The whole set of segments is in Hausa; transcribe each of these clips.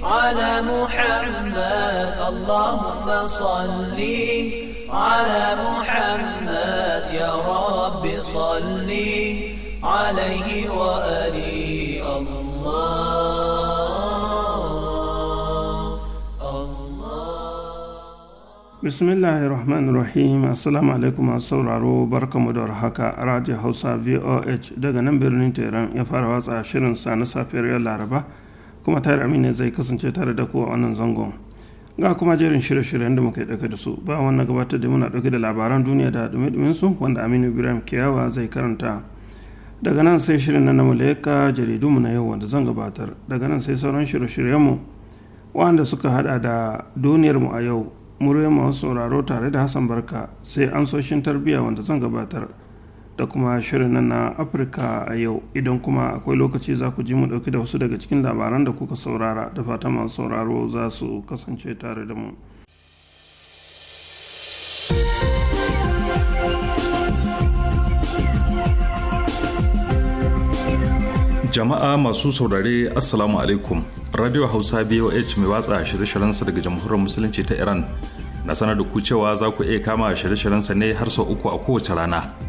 على محمد اللهم صل على محمد يا رب صل عليه وآله بسم الله الرحمن الرحيم السلام عليكم السلام الله بركة مدور حكا راجي حوصا في او اتش دقا نمبر نين تيران يفار واسع شرن سانسا في ريال العربة kuma tare amina zai kasance tare da kowa wannan zangon ga kuma jerin shirye-shiryen da muka ɗauke da su ba wannan gabatar da muna ɗauke da labaran duniya da dumin su wanda aminu ibrahim kiyawa zai karanta daga nan sai shirin na namuleka mu na yau wanda zan gabatar daga nan sai sauran shirye mu wanda suka hada da duniyarmu a yau murya masu sauraro tare da hassan barka sai an ansoshin tarbiyya wanda zan gabatar da kuma shirin nan na afirka a yau idan kuma akwai lokaci za ku ji mu dauki da wasu daga cikin labaran da kuka saurara da fata masu sauraro za su kasance tare da mu jama'a masu saurare assalamu alaikum radio hausa boh mai watsa shirye-shiryensa daga jamhuriyar musulunci ta iran na sanar da ku cewa za ku iya kama shirye-shiryensa ne har sau uku a kowace rana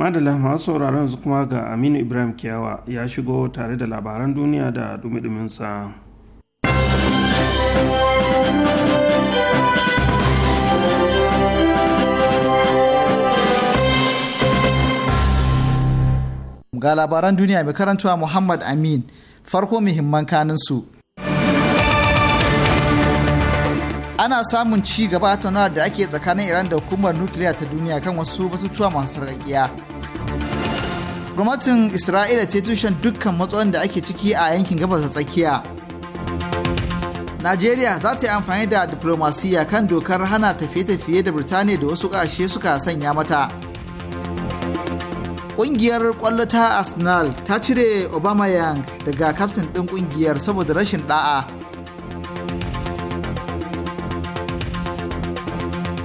madalla masu sauraron su kuma ga aminu ibrahim kiyawa ya shigo tare da labaran duniya da dumi sa. ga labaran duniya mai karantuwa muhammad amin farko muhimman kaninsu ana samun ci gaba a tattaunawar da ake tsakanin iran da hukumar nukiliya ta duniya kan wasu batutuwa masu sarƙaƙiya gwamnatin isra'ila ce tushen dukkan matsalolin da ake ciki a yankin gabas da tsakiya najeriya za ta yi amfani da diplomasiya kan dokar hana tafiye-tafiye da birtaniya da wasu kashe suka sanya mata ƙungiyar ƙwallo ta arsenal ta cire obama yang daga kaftin ɗin ƙungiyar saboda rashin ɗa'a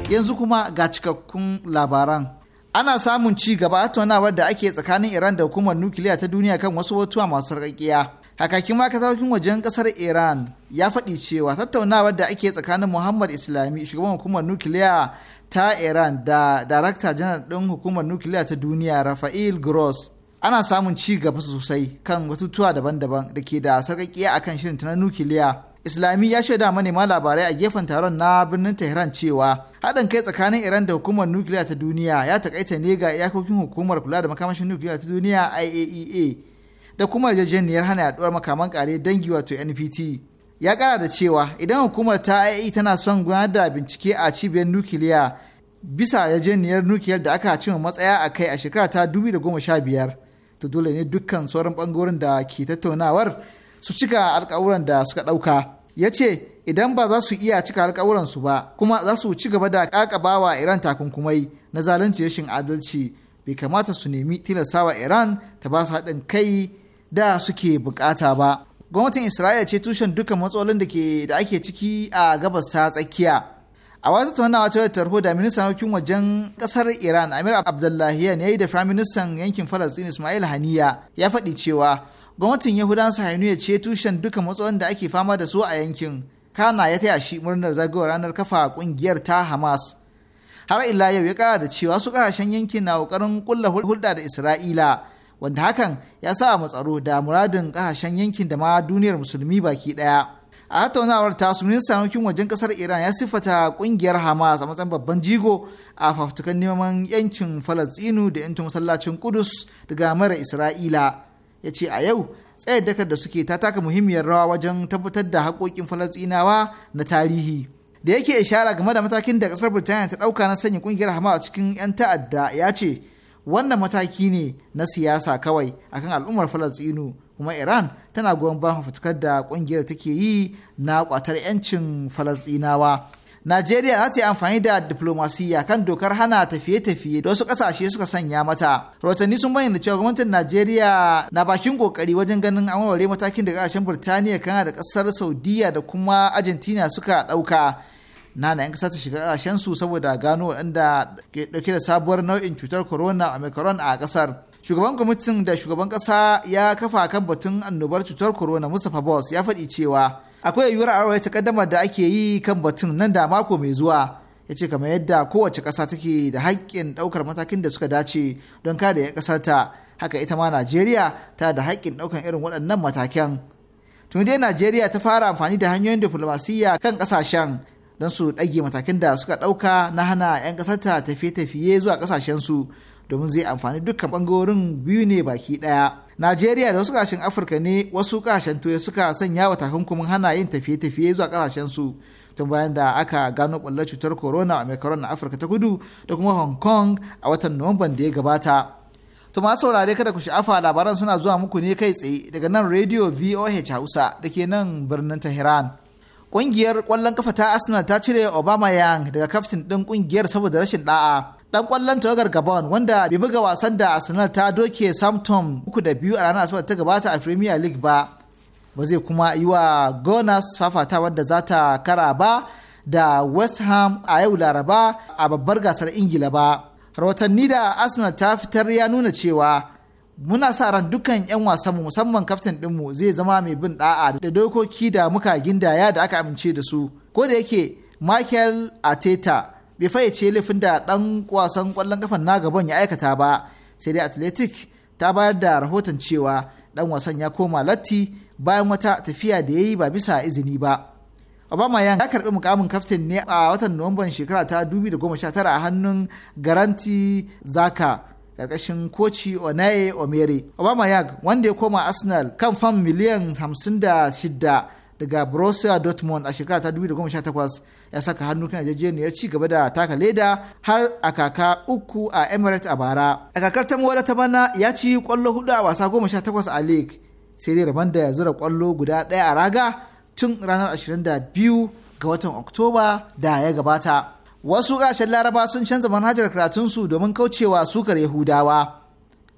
Yanzu kuma ga cikakkun labaran. Ana samun ci gaba a tattaunawar da ake tsakanin Iran da hukumar nukiliya ta duniya kan wasu batuwa masu sarƙaƙiya. Hakakin makatakin wajen ƙasar Iran ya faɗi cewa tattaunawar da ake tsakanin Muhammad Islami shugaban hukumar nukiliya ta Iran da darakta janar ɗin hukumar nukiliya ta duniya Rafael Gross ana samun ci gaba sosai kan batutuwa daban-daban da ke da sarƙaƙiya akan shirin ta na nukiliya. islami ya shaida manema labarai a gefen taron na birnin tehran cewa haɗin kai tsakanin iran da hukumar nukiliya ta duniya ya takaita ne ga iyakokin hukumar kula da makamashin nukiliya ta duniya iaea e da kuma yarjejeniyar hana yaduwar makaman kare dangi wato npt ya kara da cewa idan hukumar ta iaea e tana son gudanar da bincike a cibiyar nukiliya bisa yarjejeniyar nukiliyar da aka cimma matsaya a kai a shekara ta da 2015 to dole ne dukkan sauran bangarorin da ke tattaunawar su cika alkawuran da suka ɗauka. ya ce idan ba za su iya cika alkawuransu ba kuma za su ci gaba da wa Iran takunkumai na zalunci rashin adalci bai kamata su nemi tilastawa Iran ta ba su haɗin kai da suke bukata ba. Gwamnatin Isra'ila ce tushen dukkan matsalolin da ake ciki a gabas ta tsakiya. A wata tattaunawa ta tarho da ministan harkokin wajen kasar Iran Amir abdullahi ya yi da firaministan yankin Falastin Ismail Haniya ya faɗi cewa gwamnatin yahudan ya ce tushen duka matsalolin da ake fama da su a yankin kana ya taya shi murnar zagawar ranar kafa kungiyar ta hamas har ila yau ya kara da cewa su kasashen yankin na kokarin kulla hulɗa da isra'ila wanda hakan ya sa a tsaro da muradin kasashen yankin da ma duniyar musulmi baki ɗaya a tattaunawar ta ministan harkokin wajen kasar iran ya siffata kungiyar hamas a matsayin babban jigo a fafutukan neman yankin falastinu da yancin masallacin kudus daga mara isra'ila ya ce a yau tsayar dakar da suke ta taka muhimmiyar rawa wajen tabbatar da haƙoƙin falastinawa na tarihi da yake ishara game da matakin da kasar birtaniya ta ɗauka na sanya ƙungiyar hamas a cikin 'yan ta'adda ya ce wannan mataki ne na siyasa kawai akan al'ummar falastinu kuma iran tana goyon bayan da ƙungiyar take yi na ƙwatar 'yancin falastinawa Najeriya za ta yi amfani da diplomasiya kan dokar hana tafiye-tafiye da wasu kasashe suka sanya mata. Rahotanni sun bayyana cewa gwamnatin Najeriya na bakin kokari wajen ganin an warware matakin da kasashen Birtaniya kana da kasar Saudiya da kuma Argentina suka ɗauka. na 'yan ƙasa ta shiga ƙasashen su saboda gano waɗanda ke ɗauke da sabuwar nau'in cutar corona Omicron a kasar. shugaban kwamitin da shugaban kasa ya kafa kan batun annobar cutar corona mustapha boss ya faɗi cewa akwai yiwuwar ta takaddamar da ake yi kan batun nan da mako mai zuwa ya ce kamar yadda kowace ƙasa take da haƙƙin ɗaukar matakin da suka dace don kada ya ƙasar ta haka ita ma najeriya ta da haƙƙin ɗaukar irin waɗannan matakan tun dai najeriya ta fara amfani da hanyoyin diflomasiyya kan ƙasashen don su ɗage matakin da suka ɗauka na hana 'yan ƙasar ta tafiye-tafiye zuwa ƙasashen su domin zai amfani dukkan ɓangarorin biyu ne baki ɗaya. najeriya da wasu kasashen afirka ne wasu kasashen turai suka sanya wa takunkumin hana yin tafiye-tafiye zuwa kasashen su tun bayan da aka gano ɓullar cutar corona a mekaron na afirka ta kudu da kuma hong kong a watan nuwamban da ya gabata to saurare kada ku sha'afa labaran suna zuwa muku ne kai tsaye daga nan radio voh hausa da ke nan birnin tehran ƙungiyar ƙwallon kafa ta arsenal ta cire obama yang daga kaftin ɗin ƙungiyar saboda rashin ɗa'a dan kwallon tawagar gabon wanda bai buga wasan da arsenal ta doke samton uku da biyu a ranar asabar ta gabata a premier league ba ba zai kuma yi wa gonas fafata wanda za ta kara ba da west ham a yau laraba a babbar gasar ingila ba rahotanni da arsenal ta fitar ya nuna cewa muna sa ran dukkan 'yan wasanmu musamman kaftin dinmu zai zama mai bin da'a da dokoki da muka gindaya da aka amince da su ko da yake michael ateta bai fayyace laifin da ɗan wasan kwallon kafan na gaban ya aikata ba sai dai atletic ta bayar da rahoton cewa ɗan wasan ya koma latti bayan wata tafiya da ya yi ba bisa izini ba obama ya karɓi mukamin kaftin ne a watan nuwamban shekara ta 2019 a hannun garanti zaka karkashin koci onaye omere obama yag wanda ya koma arsenal kan fam miliyan 56 daga borussia dortmund a shekara ta 2018 ya saka hannu kan yarjejeniyar ci gaba da taka leda har a kaka uku a emirates a bara a kakar ta mawada ta bana ya ci kwallo hudu a wasa goma sha takwas a league sai dai rabon da ya zura kwallo guda daya a raga tun ranar 22 ga watan oktoba da ya gabata wasu ƙasashen laraba sun canza manhajar karatunsu domin kaucewa sukar yahudawa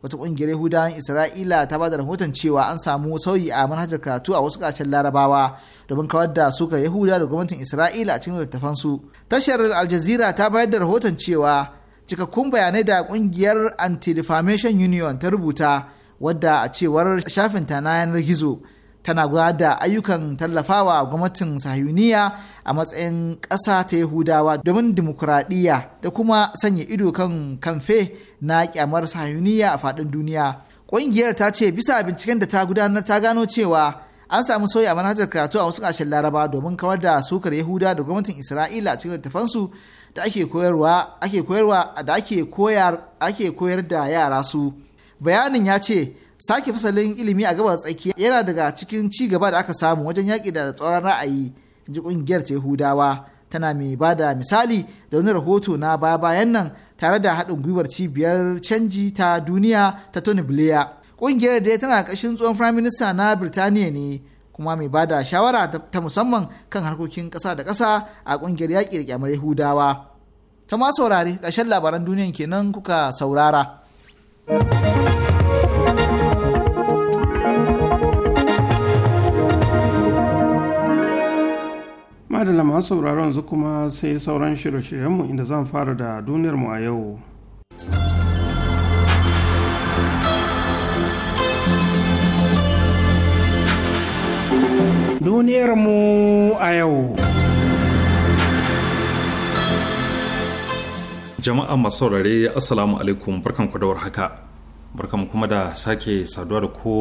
wata kungiyar yahudawan isra'ila ta bada rahoton cewa an samu sauyi a manhajar karatu a wasu kashen larabawa domin kawar da suka yahuda da gwamnatin isra'ila a cikin littafan su. tashar al jazeera ta bayar da rahoton cewa cikakkun bayanai da kungiyar anti defamation union ta rubuta wadda a cewar shafin ta na yanar gizo tana gudanar da ayyukan tallafawa gwamnatin sahuniya a matsayin ƙasa ta yahudawa domin dimokuraɗiyya da kuma sanya ido kan kamfe na kyamar sahiyuniya a faɗin duniya ƙungiyar ta ce bisa binciken da ta gudanar ta gano cewa an samu sauyi a manhajar karatu a wasu ƙasashen laraba domin kawar da sukar yahuda da gwamnatin isra'ila a cikin littafansu da ake koyarwa ake koyarwa da ake koyar ake koyar da yara su bayanin ya ce sake fasalin ilimi a gabar tsakiya yana daga cikin ci gaba da aka samu wajen yaƙi da tsoron ra'ayi ji ƙungiyar ta yahudawa tana mai ba da misali da wani rahoto na baya-bayan nan tare da haɗin gwiwar cibiyar canji ta duniya ta Tony Blair. Ƙungiyar da tana ƙashin tsohon firaminista na Birtaniya ne kuma mai ba da shawara ta musamman kan harkokin ƙasa da ƙasa a ƙungiyar yaƙi da ƙyamar Yahudawa. Ta ma saurare ƙarshen labaran duniyan kenan kuka saurara. madalla masu sauraron yanzu kuma sai sauran shirye-shiryenmu inda zan fara da duniyarmu a yau duniyarmu a yau jama'a masu saurare assalamu alaikum barkanku da haka barkanku kuma da sake saduwa da ku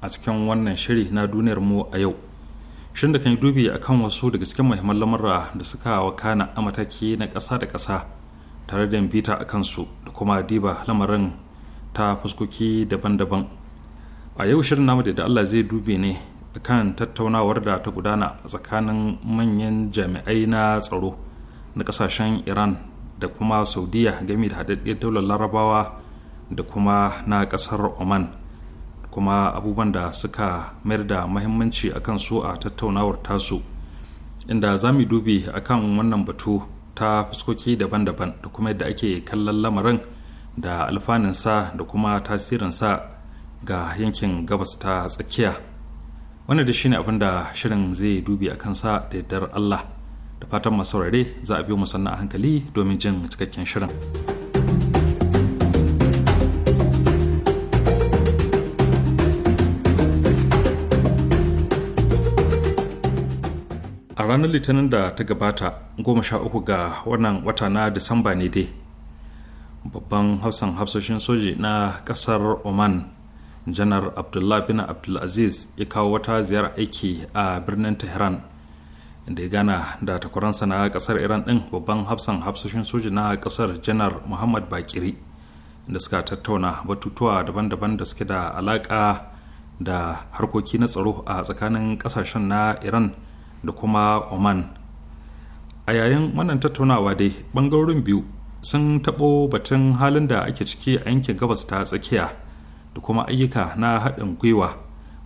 a cikin wannan shiri na duniyarmu a yau shirin da kan yi dubi a kan wasu daga cikin muhimman lamura da suka wakana a mataki na ƙasa da ƙasa tare da bita a kansu da kuma diba lamarin ta fuskoki daban-daban a yau shirin namu da Allah zai dubi ne a kan tattaunawar da ta gudana a tsakanin manyan jami'ai na tsaro na kasashen iran da kuma saudiya game da haɗaɗɗiyar daular larabawa da kuma na ƙasar oman kuma abubuwan da suka mayar da mahimmanci akan su a tattaunawar tasu inda za mu dubi a kan wannan batu ta fuskoki daban-daban da kuma yadda ake kallon lamarin da alfaninsa da kuma tasirinsa ga yankin gabas ta tsakiya wannan da shine abin da shirin zai dubi a kansa da yardar allah da fatan masaurare za a biyo musanna a hankali domin jin cikakken shirin. ranar litinin da ta gabata goma sha uku ga wannan wata na disamba ne dai babban hafsan hafsoshin soji na kasar oman janar abdullah bin abdulaziz ya kawo wata ziyara aiki a birnin tehran inda ya gana da takwaransa na kasar iran din babban hafsan hafsoshin soji na kasar janar muhammad bakiri da suka tattauna batutuwa daban-daban da suke da alaka da harkoki na tsaro a tsakanin kasashen na iran da kuma oman a yayin wannan tattaunawa dai bangarorin biyu sun taɓo batun halin da ake ciki a yankin gabas ta tsakiya da kuma ayyuka na haɗin gwiwa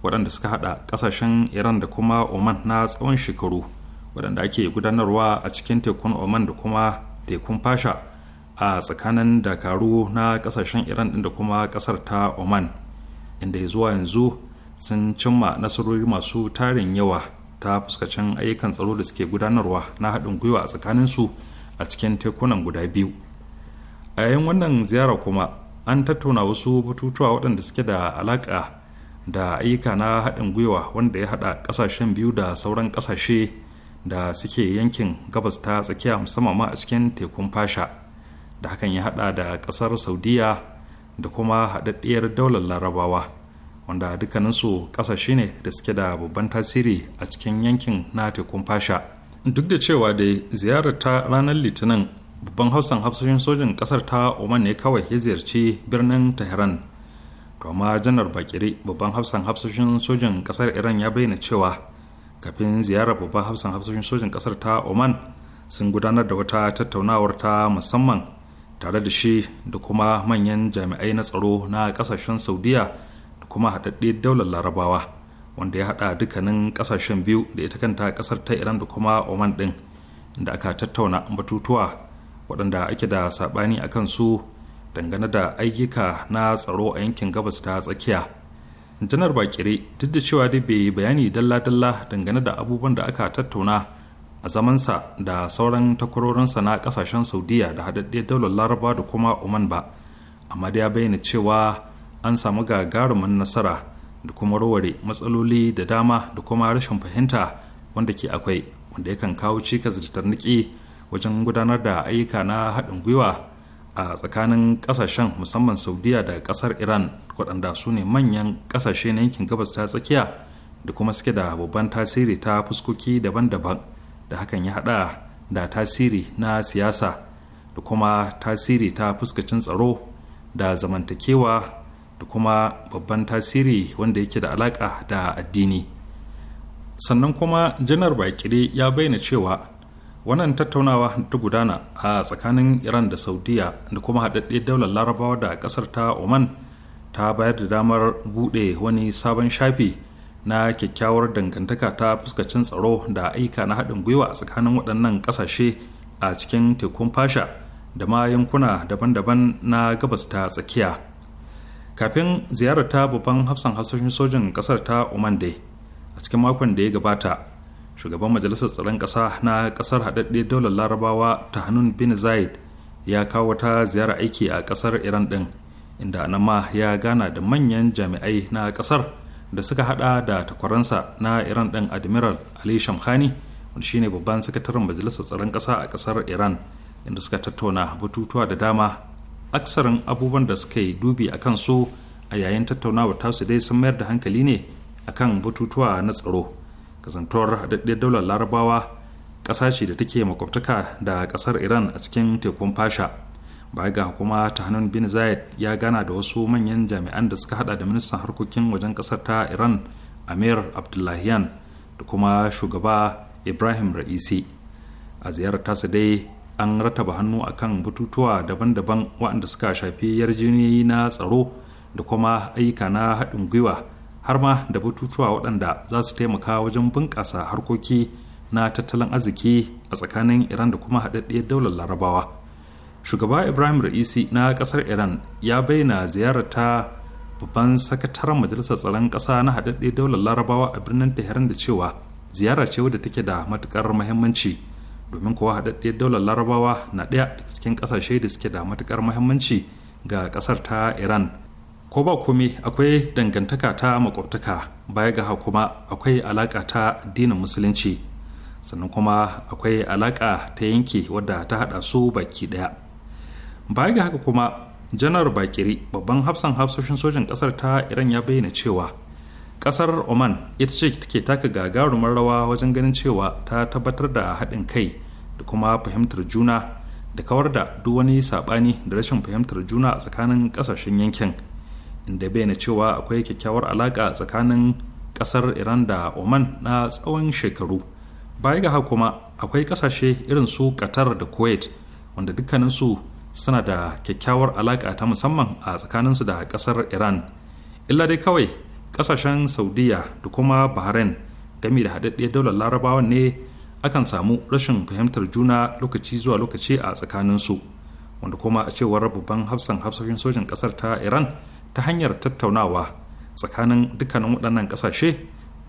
waɗanda suka haɗa ƙasashen iran da kuma oman na tsawon shekaru waɗanda ake gudanarwa a cikin tekun oman da kuma tekun fasha a tsakanin dakaru na ƙasashen iran ɗin da kuma ƙasar ta oman inda zuwa yanzu sun cimma nasarori masu tarin yawa ta fuskacin ayyukan tsaro da suke gudanarwa na haɗin gwiwa a tsakaninsu a cikin tekunan guda biyu a yayin wannan ziyara kuma an tattauna wasu batutuwa waɗanda suke da alaƙa da ayyuka na haɗin gwiwa wanda ya haɗa ƙasashen biyu da sauran ƙasashe da suke yankin gabas ta tsakiya musamman ma a cikin tekun fasha da hakan ya haɗa da ƙasar saudiya da kuma haɗaɗɗiyar daular larabawa wanda dukkaninsu kasashe ne da suke da babban tasiri a cikin yankin na tekun fasha duk da cewa da ziyarar ta ranar litinin babban hausan hafsoshin sojin kasar ta oman ne kawai ya ziyarci birnin tehran to amma janar bakiri babban hafsan hafsoshin sojin kasar iran ya bayyana cewa kafin ziyarar babban hafsan hafsoshin sojin kasar ta oman sun gudanar da wata tattaunawar ta musamman tare da shi da kuma manyan jami'ai na tsaro na kasashen saudiya kuma haɗaɗɗe daular larabawa wanda ya haɗa dukkanin ƙasashen biyu da ita kanta ƙasar ta iran da kuma oman ɗin da aka tattauna batutuwa waɗanda ake da saɓani a kansu su dangane da ayyuka na tsaro a yankin gabas ta tsakiya janar bakire duk da cewa dai bai bayani dalla-dalla dangane da abubuwan da aka tattauna a zamansa da sauran takwarorinsa na kasashen saudiya da haɗaɗɗiyar daular larabawa da kuma oman ba amma da ya bayyana cewa an samu gagarumin nasara da kuma warware matsaloli da dama da kuma rashin fahimta wanda ke akwai wanda yakan kawo cikas da tarniki wajen gudanar da ayyuka na haɗin gwiwa a tsakanin ƙasashen musamman saudiya da ƙasar iran waɗanda su ne manyan ƙasashe na yankin gabas ta tsakiya da kuma suke da babban tasiri ta fuskoki daban-daban da hakan ya haɗa da tasiri na siyasa da kuma tasiri ta fuskacin tsaro da zamantakewa da kuma babban tasiri wanda yake da alaƙa da addini sannan kuma janar bakire ya bayyana cewa wannan tattaunawa ta gudana a tsakanin iran da saudiya da kuma haɗaɗɗe daular larabawa da ƙasar ta oman ta bayar da damar buɗe wani sabon shafi na kyakkyawar dangantaka ta fuskacin tsaro da aika na haɗin gwiwa a tsakanin waɗannan ƙasashe a cikin tekun fasha da ma yankuna daban-daban na gabas ta tsakiya kafin ziyarar ta babban hafsan hasashen sojin kasar ta oman dai a cikin makon da ya gabata shugaban majalisar tsaron kasa na ƙasar haɗaɗɗe daular larabawa ta hannun bin zaid ya kawo wata ziyarar aiki a ƙasar iran ɗin inda nan ma ya gana da manyan jami'ai na ƙasar da suka hada da takwaransa na iran ɗin admiral ali shamkhani wanda shine babban sakataren majalisar tsaron kasa a ƙasar iran inda suka tattauna batutuwa da dama aksarin abubuwan da suka yi dubi a kansu a yayin tattaunawa tasu dai sun mayar da hankali ne akan bututuwa na tsaro kasantuwar haɗaɗɗiyar daular larabawa ƙasashe da take makwabtaka da ƙasar iran a cikin tekun fasha baya ga kuma ta hannun bin zayed ya gana da wasu manyan jami'an da suka hada da ministan harkokin wajen ƙasar ta iran amir abdullahian da kuma shugaba ibrahim ra'isi a ziyarar tasa dai an rataba hannu a kan bututuwa daban-daban waɗanda suka shafi yarjejeniyoyi na tsaro da kuma ayyuka na haɗin gwiwa har ma da batutuwa waɗanda za su taimaka wajen bunƙasa harkoki na tattalin arziki a tsakanin iran da kuma haɗaɗɗiyar daular larabawa shugaba ibrahim ra'isi na ƙasar iran ya bayyana ziyarar ta babban sakataren majalisar tsaron ƙasa na haɗaɗɗiyar daular larabawa a birnin tehran da cewa ziyara ce wadda take da matuƙar muhimmanci domin kuwa haɗaɗɗiyar daular larabawa na ɗaya daga cikin ƙasashe da suke da matuƙar muhimmanci ga ƙasar ta iran ko ba komai akwai dangantaka ta makwabtaka baya ga kuma akwai alaƙa ta addinin musulunci sannan kuma akwai alaƙa ta yanki wadda ta haɗa su baki ɗaya baya ga haka kuma janar bakiri babban hafsan hafsoshin sojan ƙasar ta iran ya bayyana cewa kasar oman ita ce take taka gagarumar rawa wajen ganin cewa ta tabbatar da haɗin kai da kuma fahimtar juna da kawar da duk wani saɓani da rashin fahimtar juna a tsakanin ƙasashen yankin inda bayyana cewa akwai kyakkyawar alaƙa tsakanin ƙasar iran da oman na tsawon shekaru baya ga haka kuma akwai ƙasashe irin su qatar da kuwait wanda dukkaninsu suna da kyakkyawar alaƙa ta musamman a tsakaninsu da ƙasar iran illa dai kawai kasashen saudiya da kuma bahrain gami da haɗaɗɗiyar daular larabawan ne akan samu rashin fahimtar juna lokaci zuwa lokaci a tsakaninsu wanda kuma a cewar babban hafsan hafsoshin sojin ƙasar ta iran ta hanyar tattaunawa tsakanin dukkanin waɗannan ƙasashe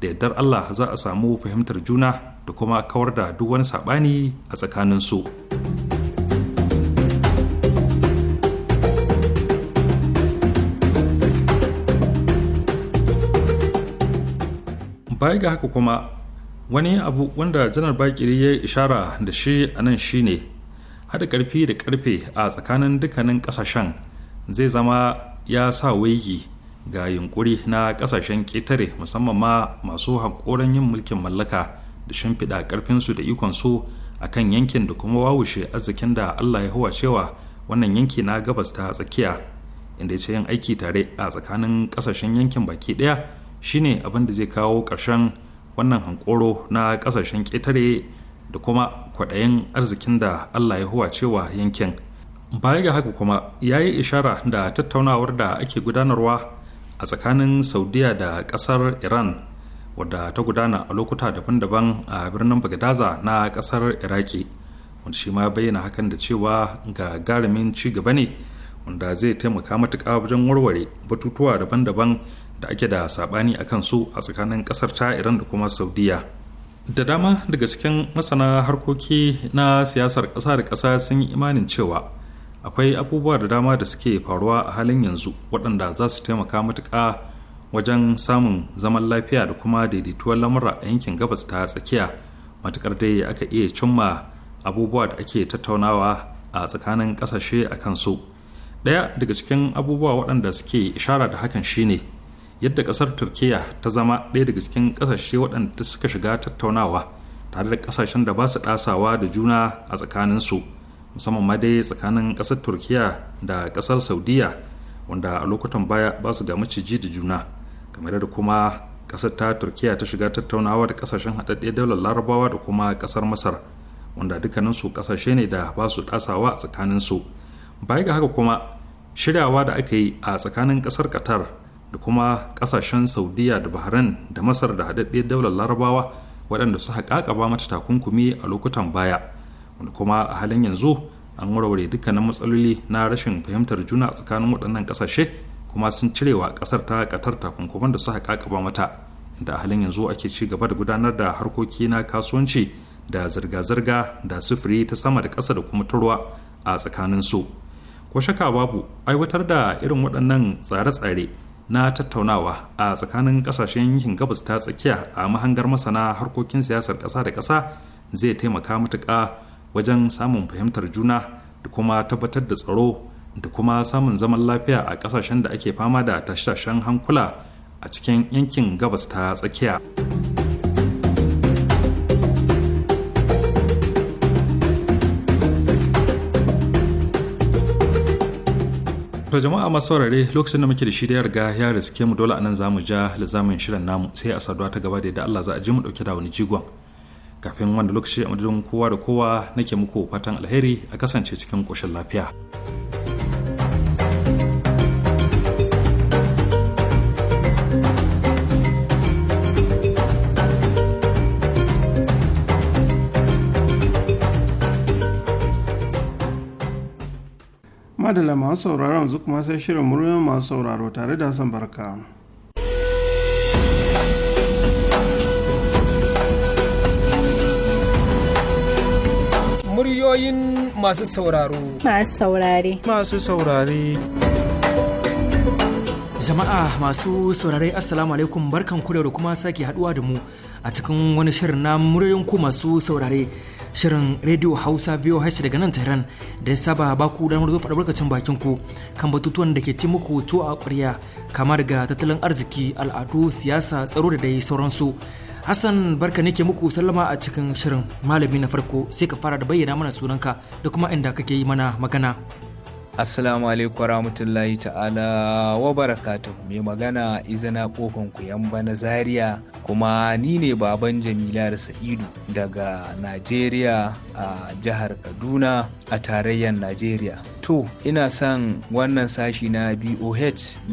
da yardar allah za a samu fahimtar juna da kuma kawar da duk wani saɓani a tsakaninsu. su baya ga haka kuma wani abu wanda janar bakiri ya ishara da shi a nan shi ne haɗa ƙarfi da ƙarfe a tsakanin dukkanin ƙasashen zai zama ya sa waigi ga yunkuri na ƙasashen ƙetare musamman ma masu haƙoran yin mulkin mallaka da shimfiɗa ƙarfinsu da ikonsu a kan yankin da kuma wawushe arzikin da allah ya huwa cewa wannan yanki na gabas ta tsakiya inda ya ce yin aiki tare a tsakanin ƙasashen yankin baki ɗaya shine abin da zai kawo ƙarshen wannan hankoro na ƙasashen ƙetare da kuma kwaɗayin arzikin da allah ya huwa cewa yankin baya ga haka kuma ya yi ishara da tattaunawar da ake gudanarwa a tsakanin saudiya da ƙasar iran wadda ta gudana a lokuta daban-daban a birnin bagdaza na ƙasar iraki wanda shi ma bayyana hakan da cewa ga gagarumin ci gaba ne wanda zai taimaka matuƙa wajen warware batutuwa daban-daban da ake da sabani a kansu a tsakanin kasar ta iran da kuma saudiya da dama daga cikin masana harkoki na siyasar ƙasa da ƙasa sun yi imanin cewa akwai abubuwa da dama da suke faruwa a halin yanzu waɗanda za su taimaka matuka wajen samun zaman lafiya da kuma daidaituwar lamura a yankin gabas ta tsakiya matukar dai aka iya cimma abubuwa da ake tattaunawa a tsakanin ƙasashe a kansu ɗaya daga cikin abubuwa waɗanda suke ishara da hakan shine yadda kasar turkiya ta zama ɗaya daga cikin ƙasashe waɗanda suka shiga tattaunawa tare da ƙasashen da ba su ɗasawa da juna a tsakaninsu musamman ma dai tsakanin ƙasar turkiya da ƙasar saudiya wanda a lokutan baya ba su ga maciji da juna kamar da kuma ƙasar ta turkiya ta shiga tattaunawa da ƙasashen haɗaɗɗe daular larabawa da kuma ƙasar masar wanda dukkaninsu ƙasashe ne da ba su ɗasawa a tsakaninsu baya ga haka kuma shiryawa da aka yi a tsakanin ƙasar qatar da kuma kasashen saudiya da bahrain da masar da haɗaɗɗiyar daular larabawa waɗanda suka ƙaƙaba mata takunkumi a lokutan baya wanda kuma a halin yanzu an warware dukkanin matsaloli na rashin fahimtar juna a tsakanin waɗannan ƙasashe kuma sun cirewa ƙasar ta ƙatar takunkuman da suka ƙaƙaba mata da a halin yanzu ake ci gaba da gudanar da harkoki na kasuwanci da zirga-zirga da sufuri ta sama da ƙasa da kuma ta a tsakanin su ko shaka babu aiwatar da irin waɗannan tsare-tsare na tattaunawa a tsakanin kasashen yankin gabas ta tsakiya a mahangar masana harkokin siyasar ƙasa da ƙasa zai taimaka matuƙa wajen samun fahimtar juna da kuma tabbatar da tsaro da kuma samun zaman lafiya a ƙasashen da ake fama da tashe hankula a cikin yankin gabas ta tsakiya. to jama'a masu saurare lokacin da muke da shi da yarga ya riske mu dole anan zamu ja lizamin shirin namu sai a saduwa ta gaba da yadda Allah za a ji mu dauke da wani jigon kafin wanda lokaci a madadin kowa da kowa nake muku fatan alheri a kasance cikin koshin lafiya. madalla masu sauraro yanzu kuma sai shirin muryoyin masu sauraro tare da hassan barka muryoyin masu sauraro masu saurare masu saurare jama'a masu saurare assalamu alaikum barkan ku da kuma sake haduwa da mu a cikin wani shirin na muryoyin ku masu saurare shirin rediyo hausa biyu hashe daga nan tehran da ya saba ba ku damar zo barkacin bakin ku kan batutuwan da ke ci muku a ƙwarya kamar daga tattalin arziki al'adu siyasa tsaro da dai sauransu hassan barka ne ke muku sallama a cikin shirin malami na farko sai ka fara da bayyana mana sunanka da kuma inda kake yi mana magana. Assalamu alaikum warahmatullahi ta'ala wa barakatuh mai magana izina kofan yamba na zaria kuma ni ne baban jamila da sa'idu daga najeriya a jihar kaduna a tarayyar najeriya to ina son wannan sashi na boh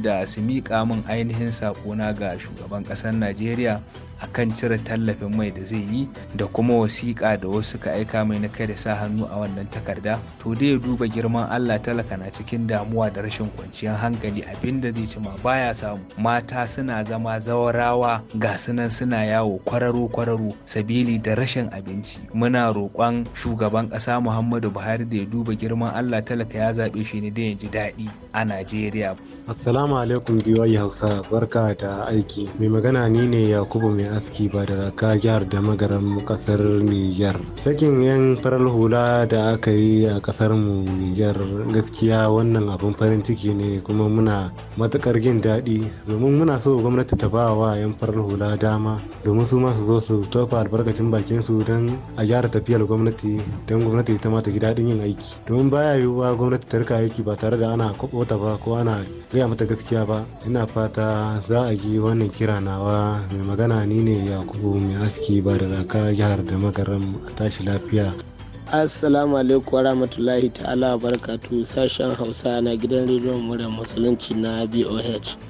da su miƙa min ainihin sakona ga shugaban ƙasar najeriya a kan cire tallafin mai da zai yi da kuma wasiƙa da wasu ka aika mai na kai da sa hannu a wannan takarda to dai ya duba girman Allah talaka na cikin damuwa da rashin kwanciyar hankali abinda zai ci ma baya samu mata suna zama zawarawa ga sunan suna yawo kwararo kwararo sabili da rashin abinci muna roƙon shugaban ƙasa Muhammadu Buhari da ya duba girman Allah talaka ya zaɓe shi ne da ya ji daɗi a Najeriya. Assalamu alaikum biyoyi Hausa barka da aiki. Mai magana ni ne Yakubu mai aski ba da raka jihar da magaran kasar Niger. Sakin yan farar hula da aka yi a kasar mu Niger gaskiya wannan abin farin ciki ne kuma muna matukar jin daɗi domin muna so gwamnati ta ba wa yan farar hula dama domin su ma su zo su tofa albarkacin bakin su don a gyara tafiyar gwamnati don gwamnati ta ma ta ji daɗin yin aiki domin baya yiwuwa gwamnati ta rika aiki ba tare da ana kwabo mata ba ko ana gaya mata gaskiya ba ina fata za a ji wannan kira nawa mai magana ni ne yakubu mai aski ba da raka jihar da magaram a tashi lafiya assalamu alaikum wa rahmatullahi ta'ala wa barkatu. sashen hausa na gidan rediyon muryar musulunci na boh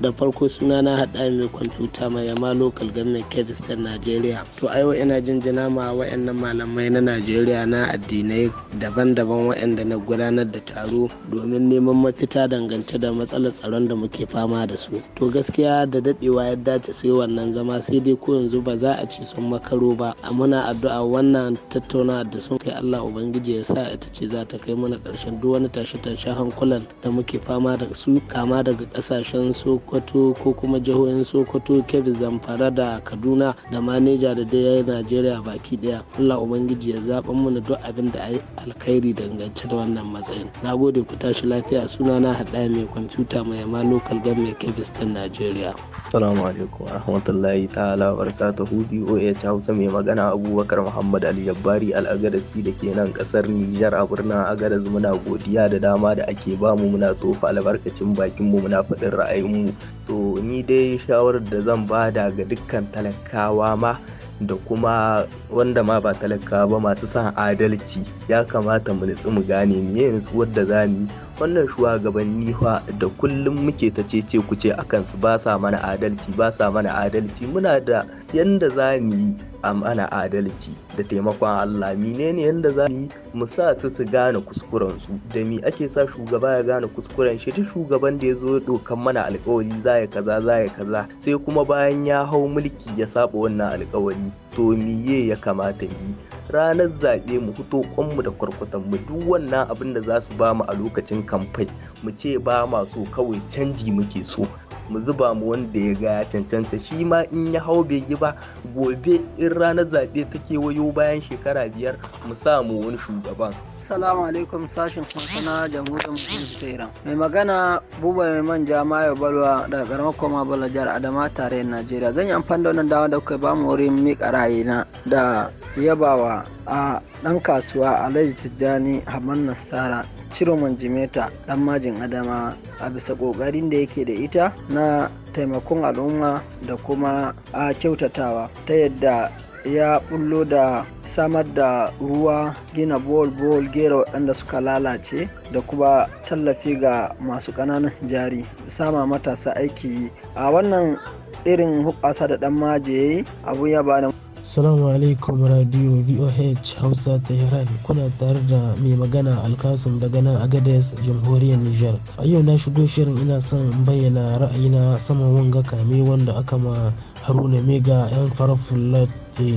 da farko suna na haɗa mai kwamfuta mai yama local government kebis ta najeriya to a yau ina jinjina ma wa'annan malamai na najeriya na addinai daban-daban wa'anda na gudanar da taro domin neman mafita dangance da matsalar tsaron da muke fama da su to gaskiya da daɗewa ya dace sai wannan zama sai dai ko yanzu ba za a ce sun makaro ba a muna addu'a wannan tattaunawa da sun kai allah ubangiji ya sa ita ce za ta kai mana karshen duk wani tashe-tashen hankulan da muke fama da su kama daga kasashen sokoto ko kuma jihohin sokoto kebbi zamfara da kaduna da maneja da dai najeriya baki daya allah ubangiji ya zaɓa mana duk abin da alkhairi dangance da wannan matsayin na gode ku tashi lafiya sunana haɗa mai kwamfuta mai yama lokal gan mai kebbi najeriya. Assalamu alaikum warahmatullahi ta'ala barakatuhu DOH Hausa mai magana Abubakar Muhammad Ali Jabbari Al-Agadasi da ke nan kasar Nijar a birnin Agadez muna godiya da dama da ake bamu muna tofa albarkacin bakin mu muna faɗin mu To ni dai shawarar da zan bada ga dukkan talakawa ma da kuma wanda ma ba talakawa ba masu son adalci ya kamata mu nutsu mu gane me yanzu wadda za mu wannan shugabanni fa da kullum muke ta cece ku ce akan su ba sa mana adalci ba sa mana adalci muna da yanda za mu yi a mana adalci da taimakon Allah menene yanda za mu yi mu sa su su gane kuskuren su da mi ake sa shugaba ya gane kuskuren shi duk shugaban da ya zo dokan mana alkawari za ya kaza za ya kaza sai kuma bayan ya hau mulki ya saba wannan alkawari to miye ya kamata yi ranar zaɓe mu fito kwanmu da kwarkwatan mu duk wannan abin da za su ba mu a lokacin kamfai mu ce ba ma so kawai canji muke so mu zuba mu wanda ya ga ya cancanta shi ma in ya hau bai yi ba gobe in ranar zaɓe ta kewayo bayan shekara biyar mu samu wani shugaban. Assalamu alaikum sashen Hausa jamhuriyar mutum ta Mai magana Buba mai manja Mayo Balwa daga karamar koma Bala jihar Adama na Najeriya. Zan yi amfani da wannan dama da kuka ba mu wurin miƙa rayina da yabawa a ɗan kasuwa Alhaji Tijjani Haman Nasara Ciroman Jimeta dan majin Adama a bisa ƙoƙarin da yake da ita na taimakon al'umma da kuma a kyautatawa ta yadda ya bullo da samar da ruwa gina bol bol gera waɗanda suka lalace da kuma tallafi ga masu ƙananan jari sama matasa aiki a wannan irin hukasa da dan maje abu ya bani Salamu alaikum radio VOH Hausa Tehran kuna tare da mai magana Alkasim daga nan Agadez jamhuriyar Nijar. A yau na shigo shirin ina son bayyana ra'ayina saman wanga kame wanda aka ma haruna mega yan farar fulat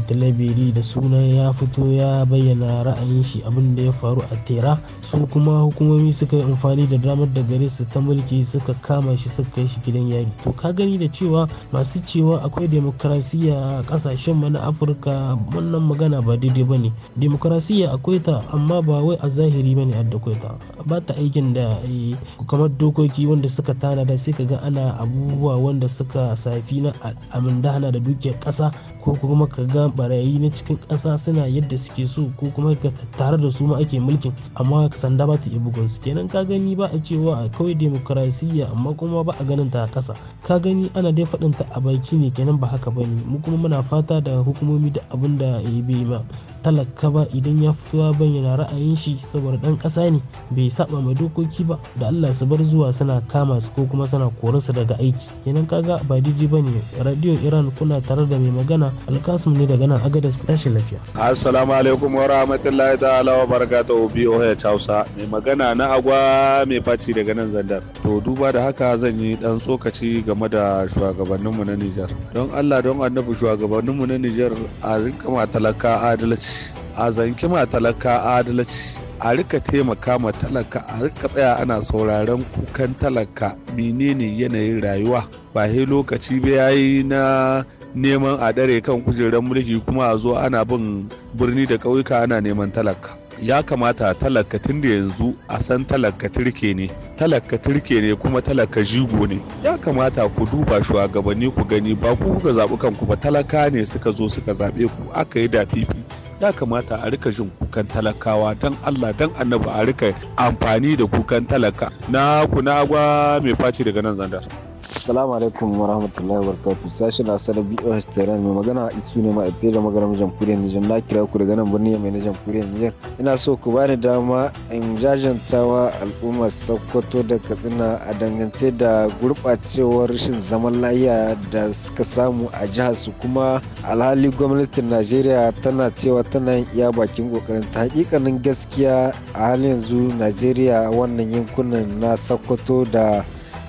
talabiri da sunan ya fito ya bayyana ra'ayin shi abin da ya faru a tera su kuma hukumomi suka yi amfani da damar da gare su ta mulki suka kama shi suka kai shi gidan yari to ka gani da cewa masu cewa akwai demokrasiya a kasashen mu afirka wannan magana ba daidai bane demokrasiya akwai ta amma ba wai a zahiri bane a dakwai ta ba ta aikin da eh, kamar dokoki wanda suka da sai ka ga ana abubuwa wanda suka safi na amin hamdahana da dukiyar kasa ko kuma ka ga barayi na cikin kasa suna yadda suke so ko kuma ka tare da su ma ake mulkin amma sanda ba ta iya bugun su kenan ka gani ba a cewa a kawai demokarasiyya amma kuma ba a ganin ta a kasa ka gani ana dai faɗin ta a baki ne kenan ba haka ba ne mu kuma muna fata da hukumomi da abin da ya bai ma talaka ba idan ya fito ya bayyana ra'ayin shi saboda ɗan kasa ne bai saba mai dokoki ba da Allah su bar zuwa suna kama su ko kuma suna korarsu daga aiki kenan kaga ba daidai ba ne radio iran kuna tare da mai magana alkasim ne daga nan agadas ku tashi lafiya assalamu alaikum wa rahmatullahi ta'ala wa barakatuhu boh hausa mai magana na agwa mai faci daga nan zandar to duba da haka zan yi dan tsokaci game da shugabanninmu na nijar don allah don annabi shugabanninmu na nijar a rinka talaka adalci a zanki talaka adalci a rika taimaka ma talaka a rika tsaya ana sauraron kukan talaka menene yanayin rayuwa ba he lokaci ba yayi na neman a dare kan kujerar mulki kuma a zo ana bin birni da ƙauyuka ana neman talaka ya kamata talaka tun da yanzu a san talaka turke ne talaka turke ne kuma talaka jigo ne ya kamata ku duba shugabanni ku gani ba ku kuka zaɓi kanku ba talaka ne suka zo suka zaɓe ku aka yi dafifi ya kamata a rika jin kukan talakawa don Allah don annabi a rika amfani da kukan talaka na kuna agwa mai faci daga nan zandar. Assalamu alaikum wa rahmatullahi wa Sashen Asarar BOH Tehran mai magana isu ne ma da magana magaram jamhuriyar Nijar na kira ku daga nan birni mai na jamhuriyar Nijar. Ina so ku bani dama in jajantawa al'ummar Sokoto da Katsina a dangance da gurɓacewar rashin zaman lafiya da suka samu a jihar su kuma alhali gwamnatin Najeriya tana cewa tana yin iya bakin kokarin ta hakikanin gaskiya a halin yanzu Najeriya wannan yankunan na Sokoto da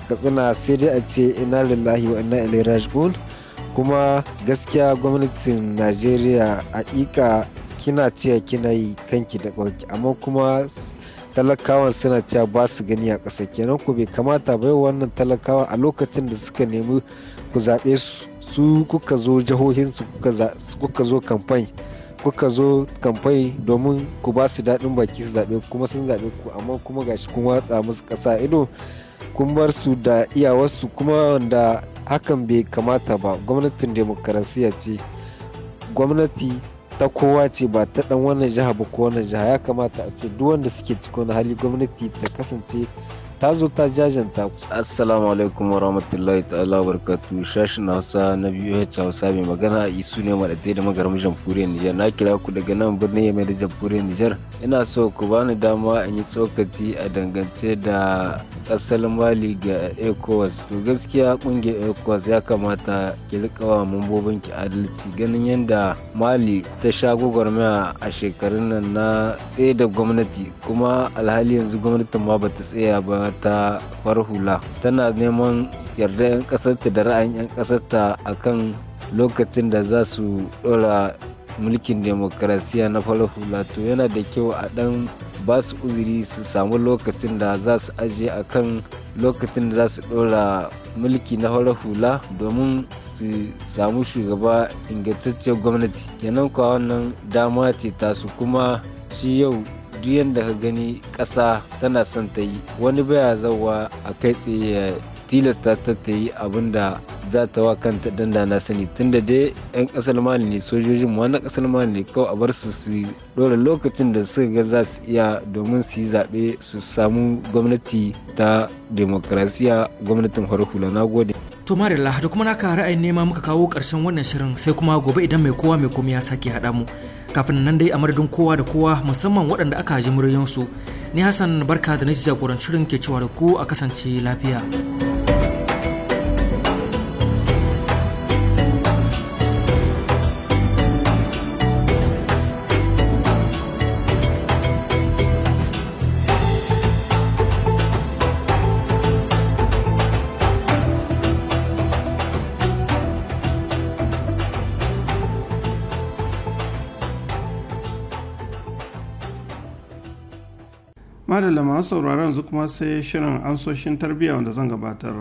katsina sai dai a ce ina lillahi wa ina ilaihi kuma gaskiya gwamnatin najeriya haƙiƙa kina cewa kina yi kanki da kwanki amma kuma talakawan suna cewa ba su gani a ƙasa kenan ku bai kamata bai wannan talakawa a lokacin da suka nemi ku zaɓe su kuka zo jihohinsu kuka zo kamfani kuka zo kamfani domin ku ba su daɗin baki su zaɓe kuma sun zaɓe ku amma kuma gashi kuma watsa musu ƙasa ido kun bar su da iyawarsu kuma wanda hakan bai kamata ba gwamnatin demokarasiya ce gwamnati ta kowa ce ba ta dan wannan jiha ba ko wannan jiha ya kamata a ce duk wanda suke cikin hali gwamnati ta kasance ta zo ta jajanta ku assalamu alaikum wa rahmatullahi ta'ala wa barakatuh shashin hausa na biyu hausa mai magana a isu ne ma da magaram jamhuriyar nijar na kira ku daga nan birnin yamai da jamhuriyar nijar ina so ku bani dama in yi tsokaci a dangance da kasar mali ga ecowas to gaskiya ƙungiyar ecowas ya kamata ki riƙa wa mambobin ki adalci ganin yadda mali ta sha gwagwarmaya a shekarun nan na tsaye da gwamnati kuma alhali yanzu gwamnatin ma bata tsaya ba ta far hula tana neman yarda 'yan ƙasarta da ra'ayin 'yan ƙasarta kan lokacin da za su ɗora mulkin demokarasiya na farar hula to yana da kyau a ɗan ba su uzuri su samu lokacin da za su aje a kan lokacin da za su ɗora mulki na farar hula domin su samu shugaba ingantacciyar gwamnati kenan kuwa wannan dama ce tasu kuma shi yau duk yadda ka gani ƙasa tana son ta yi wani baya zawa a kai tsaye ya tilasta ta ta yi abin da za ta wa kanta dan da na sani tunda dai yan kasar mali ne sojojin ma na kasar mali ne kawai a bar su su dora lokacin da suka ga za su iya domin su yi zaɓe su samu gwamnati ta demokarasiya gwamnatin hula na gode. to marilla da kuma naka ra'ayin nema muka kawo ƙarshen wannan shirin sai kuma gobe idan mai kowa mai komai ya sake haɗa mu kafin nan dai a madadin kowa da kowa musamman waɗanda aka ji muryoyinsu ni hassan barka da na jagorancin ke cewa da ku a kasance lafiya. masu sauraron yanzu kuma sai shirin ansoshin tarbiyya wanda zan gabatar.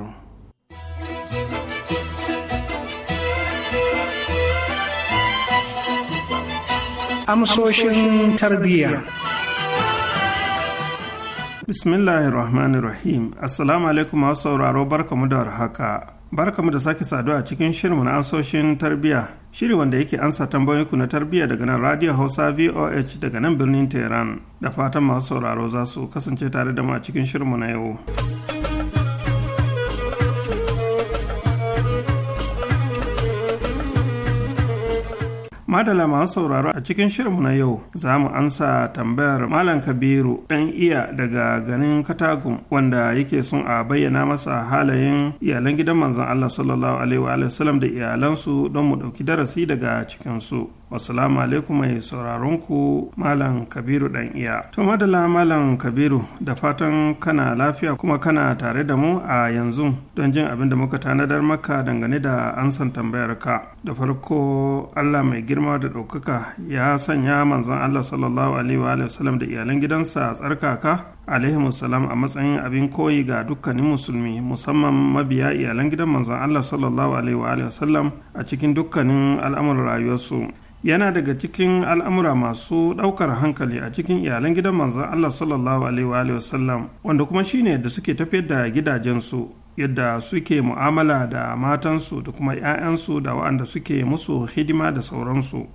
Amsoshin tarbiyya Bismillahirrahmanirrahim Assalamu alaikum masu sauraro barkamu da warhaka. barkamu da sake saduwa a cikin shirin na ansoshin tarbiyya shiri wanda yake ansa tambayoyinku na tarbiyya daga nan radio hausa voh daga nan birnin tehran da fatan masu sauraro za su kasance tare da mu a cikin shirin na yau. madala masu sauraro a cikin shirinmu na yau za mu ansa tambayar malam kabiru ɗan iya daga ganin katagun wanda yake son a bayyana masa halayen iyalan gidan manzon allah sallallahu alaihi wa sallam da iyalansu don mu ɗauki darasi daga cikinsu Wasalamu alaikum mai sauraron ku Malam Kabiru dan iya. To madala Malam Kabiru da fatan kana lafiya kuma kana tare da mu a yanzu don jin abin da muka tanadar maka dangane da ansan tambayar ka. Da farko Allah mai girma da ɗaukaka ya sanya manzon Allah sallallahu alaihi wa sallam da iyalan gidansa a tsarkaka salam a matsayin abin koyi ga dukkanin musulmi musamman mabiya iyalan gidan manzon Allah sallallahu alaihi wa a cikin dukkanin al'amuran rayuwarsu yana daga cikin al'amura masu ɗaukar hankali a cikin iyalan gidan manzon Allah sallallahu alaihi wa wanda kuma shine da suke tafiyar da gidajensu yadda suke mu'amala da matansu da kuma 'ya'yansu da waɗanda suke musu hidima da sauransu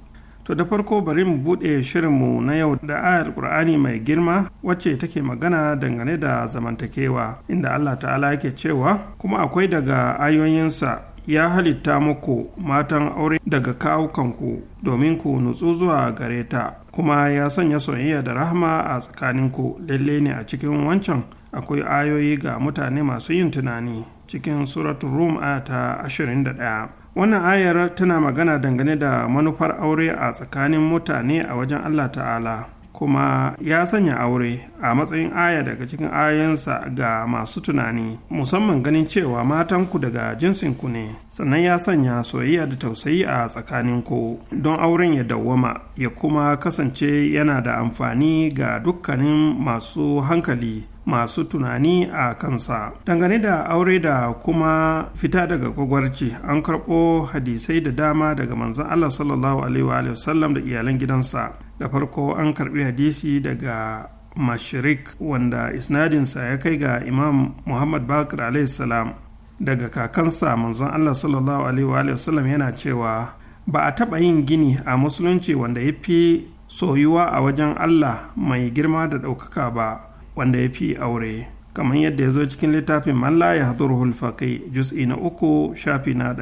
To da farko bari mu buɗe shirinmu na yau da ayar Ƙur'ani mai girma wacce take magana dangane da zamantakewa inda Allah ta'ala yake cewa kuma akwai daga ayoyinsa ya halitta muku matan aure daga kawukanku domin ku nutsu zuwa gare ta kuma ya sanya soyayya da rahama a tsakaninku lalle ne a cikin wancan akwai ayoyi ga mutane masu yin tunani cikin suratul rum a ta 21 wannan ayar tana magana dangane da manufar aure a tsakanin mutane a wajen allah ta'ala kuma ya sanya aure a matsayin aya daga cikin ayoyinsa ga masu tunani musamman ganin cewa matanku daga jinsinku ne sannan ya sanya soyayya da tausayi a tsakaninku don auren ya dawwama ya kuma kasance yana da amfani ga dukkanin masu hankali masu tunani a kansa dangane da aure da kuma fita daga gwagwarci an karɓo hadisai da dama daga manzan allah sallallahu alaihi wasallam da iyalan gidansa da farko an karɓi hadisi daga mashirik wanda isnadinsa ya kai ga imam muhammad bakir salam daga kakansa manzon allah sallallahu alaihi wasallam yana cewa ba a taɓa yin gini a musulunci wanda ya fi soyuwa a wajen allah mai girma da ɗaukaka ba wanda ya fi aure kamar yadda ya zo cikin littafin malla ya hadurhul faqi juz'i na uku shafi na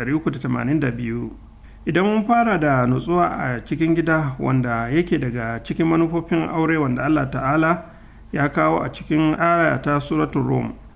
biyu. idan mun fara da nutsuwa a cikin gida wanda yake daga cikin manufofin aure wanda allah ta'ala ya kawo a cikin aya ta suratul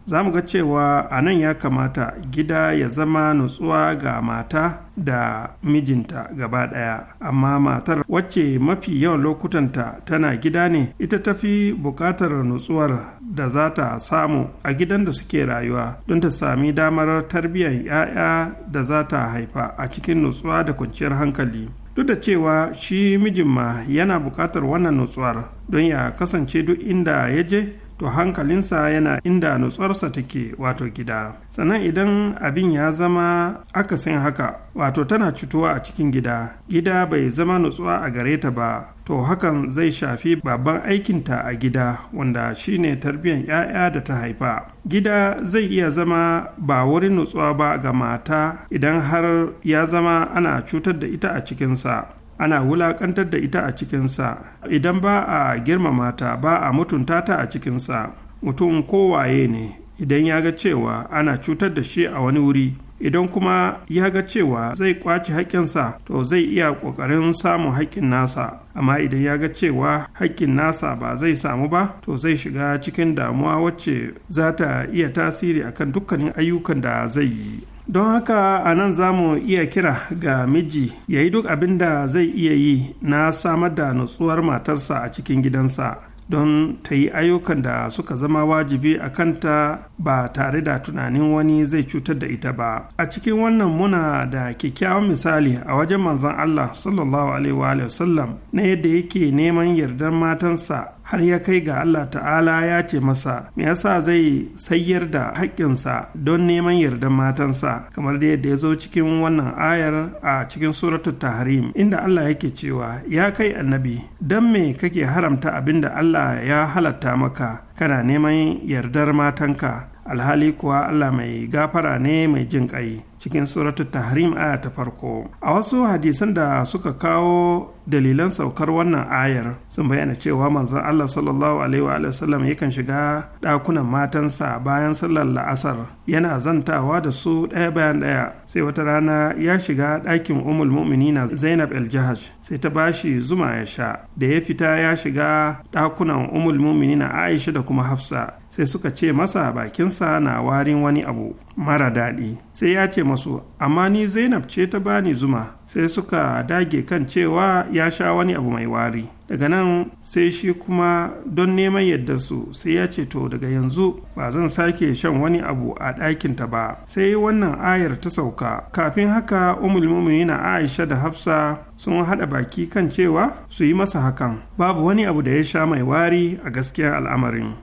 za mu ga cewa a nan ya kamata gida ya zama nutsuwa ga mata da mijinta gaba ɗaya amma matar wacce mafi yawan lokutanta tana gida ne ita tafi buƙatar nutsuwar da za ta samu a gidan da suke rayuwa don ta sami damar tarbiyyar 'ya'ya da za ta haifa a cikin nutsuwa da kwanciyar hankali duk da cewa shi mijin ma yana buƙatar wannan nutsuwar don ya kasance duk inda ya je to hankalinsa yana inda nutsuwarsa take wato gida sannan idan abin ya zama akasin haka wato tana cutuwa a cikin gida gida bai zama nutsuwa a gare ta ba to hakan zai shafi babban aikinta a gida wanda shine tarbiyyar 'ya'ya da ta haifa gida zai iya zama ba wurin nutsuwa ba ga mata idan har ya zama ana cutar da ita a cikinsa ana wulaƙantar da ita a cikinsa idan ba a girmama ta ba a mutunta ta a cikinsa mutum kowaye ne idan ya ga cewa ana cutar da shi a wani wuri idan kuma ya ga cewa zai kwace haƙƙinsa to zai iya ƙoƙarin samun haƙƙin nasa amma idan ya ga cewa haƙƙin nasa ba zai samu ba to zai shiga cikin damuwa wacce za ta iya tasiri akan dukkanin ayyukan da zai yi don haka a nan za mu iya kira ga miji ya yi duk abin da zai iya yi na samar da nutsuwar matarsa a cikin gidansa don ta yi ayyukan da suka zama wajibi a kanta ba tare da tunanin wani zai cutar da ita ba a cikin wannan muna da kyakkyawan misali a wajen manzon Allah sallallahu alaihi wa na yadda yake neman yardar matansa har ya kai ga Allah ta'ala ya ce masa me yasa zai sayar da haƙƙinsa don neman yardan matansa kamar da yadda ya zo cikin wannan ayar a cikin suratul tahrim inda Allah yake cewa ya kai annabi don me kake haramta abin da Allah ya halatta maka kana neman yardar matanka alhali kuwa Allah mai gafara ne mai jin ƙai cikin suratul tahrim aya ta farko a wasu hadisan da suka kawo dalilan saukar wannan ayar sun bayyana cewa manzon Allah sallallahu alaihi wa sallam yakan shiga ɗakunan matansa bayan sallar la'asar yana zantawa da su ɗaya bayan ɗaya sai wata rana ya shiga ɗakin umul mu'minina Zainab el Jahaj sai ta bashi zuma ya sha da ya fita ya shiga ɗakunan umul mu'minina Aisha da kuma Hafsa sai suka ce masa bakinsa na warin wani abu mara daɗi sai ya ce masu amma ni zainab ce ta bani zuma sai suka dage kan cewa ya sha wani abu mai wari daga nan sai shi kuma don neman yadda su sai ya ce to daga yanzu ba zan sake shan wani abu a ɗakinta ba sai wannan ayar ta sauka kafin haka umul na aisha da hafsa sun haɗa baki kan cewa su yi masa hakan babu wani abu da ya sha mai wari a gaskiyar al'amarin.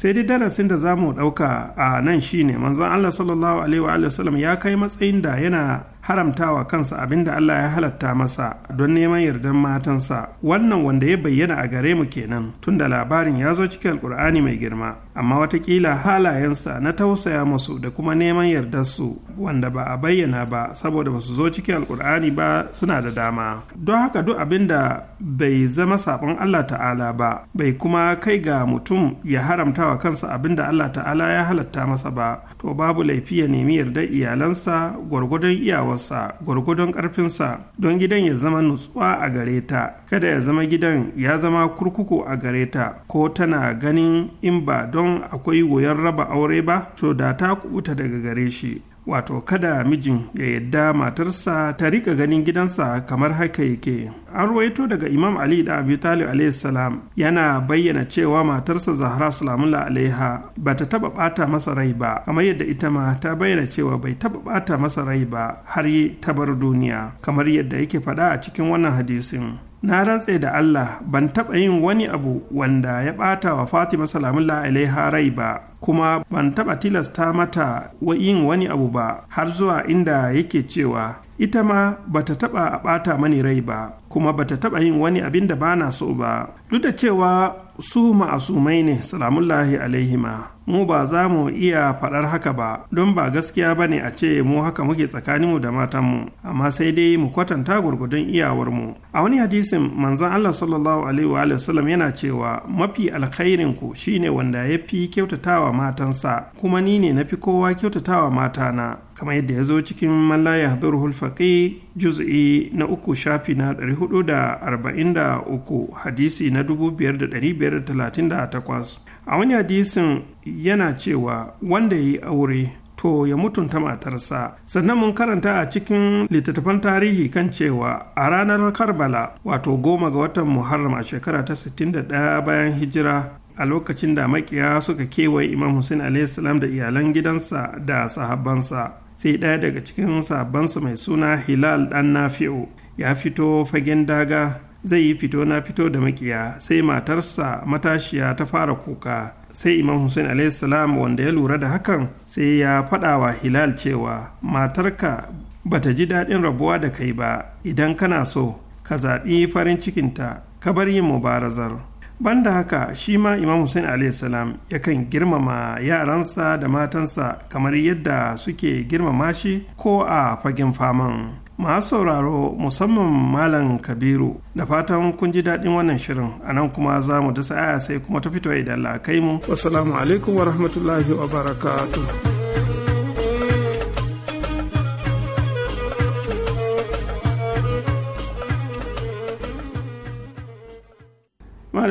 sai dai darasin da za mu ɗauka a nan shine manzon Allah sallallahu alaihi wa ya kai matsayin da yana haramtawa kansa abinda Allah ya halatta masa don neman yardan matansa wannan wanda ya bayyana a gare mu kenan tunda labarin ya zo cikin alkur'ani mai girma amma watakila halayensa na tausaya musu da kuma neman yardarsu wanda ba a bayyana ba saboda ba su zo cikin alkur'ani ba suna da dama don haka duk abin da bai zama sabon Allah ta'ala ba bai kuma kai ga mutum ya haramtawa kansa abin da Allah ta'ala ya halatta masa ba to babu laifi ya nemi yardar iyalansa gwargwadon iyawa wasa, gwargwadon ƙarfinsa don gidan ya zama nutsuwa a gare ta kada ya zama gidan ya zama kurkuku a gare ta ko tana ganin in ba don akwai goyon raba aure ba to da ta kubuta daga gare shi wato kada mijin ya yadda matarsa ta rika ganin gidansa kamar haka yake an ruwaito daga imam ali da abi talib salam yana bayyana cewa matarsa zahra salamullah alaiha ba ta taba bata masa rai ba kamar yadda ita ma ta bayyana cewa bai taba bata masa rai ba har ta bar duniya kamar yadda yake faɗa a cikin wannan hadisin na rantse da Allah ban taɓa yin wani abu wanda ya ɓata wa Fatima salamullah alaiha rai ba kuma ban taɓa tilasta mata wa yin wani abu ba har zuwa inda yake cewa ita ma bata taɓa a ɓata mani rai ba kuma bata taba yin wani abin da bana so ba duk da cewa su ma'asumai ne salamullahi alaihima mu ba za mu iya faɗar haka ba don ba gaskiya ba ne a ce mu haka muke tsakaninmu da matanmu amma sai dai mu kwatanta gwargwadon iyawarmu a wani hadisin manzan allah sallallahu alaihi wa sallam yana cewa mafi alkhairin ku shine wanda ya fi kyautatawa matansa kuma ni ne na fi kowa kyautatawa matana kamar yadda ya zo cikin mallaya hadur faqi juz'i na uku shafi na 443 hadisi na 5538 a wani hadisin yana cewa wanda ya yi aure to ya mutunta matarsa sannan mun karanta a cikin littattafan tarihi kan cewa a ranar karbala wato goma ga watan muharram a shekara ta 61 bayan hijira a lokacin da makiya suka kewaye imam hussein a.s. da iyalan gidansa da sahabbansa sai ɗaya daga cikin sabansu mai suna hilal ɗan nafi'u ya fito fagen daga zai yi fito na fito da makiya sai matarsa matashiya ta fara kuka sai imam hussein salam wanda ya lura da hakan sai ya faɗa wa hilal cewa matarka bata ji daɗin rabuwa da kai ba idan kana so ka zaɓi farin cikinta ka bar yin mubarazar banda haka shi ma imam hussein salam yakan girmama yaransa da matansa kamar yadda suke girmama shi ko a fagen faman masu sauraro musamman malam kabiru da fatan kun ji daɗin wannan shirin a nan kuma za mu dasa aya sai kuma ta fito idan la kai mu wasu alaikum wa rahmatullahi wa barakatuh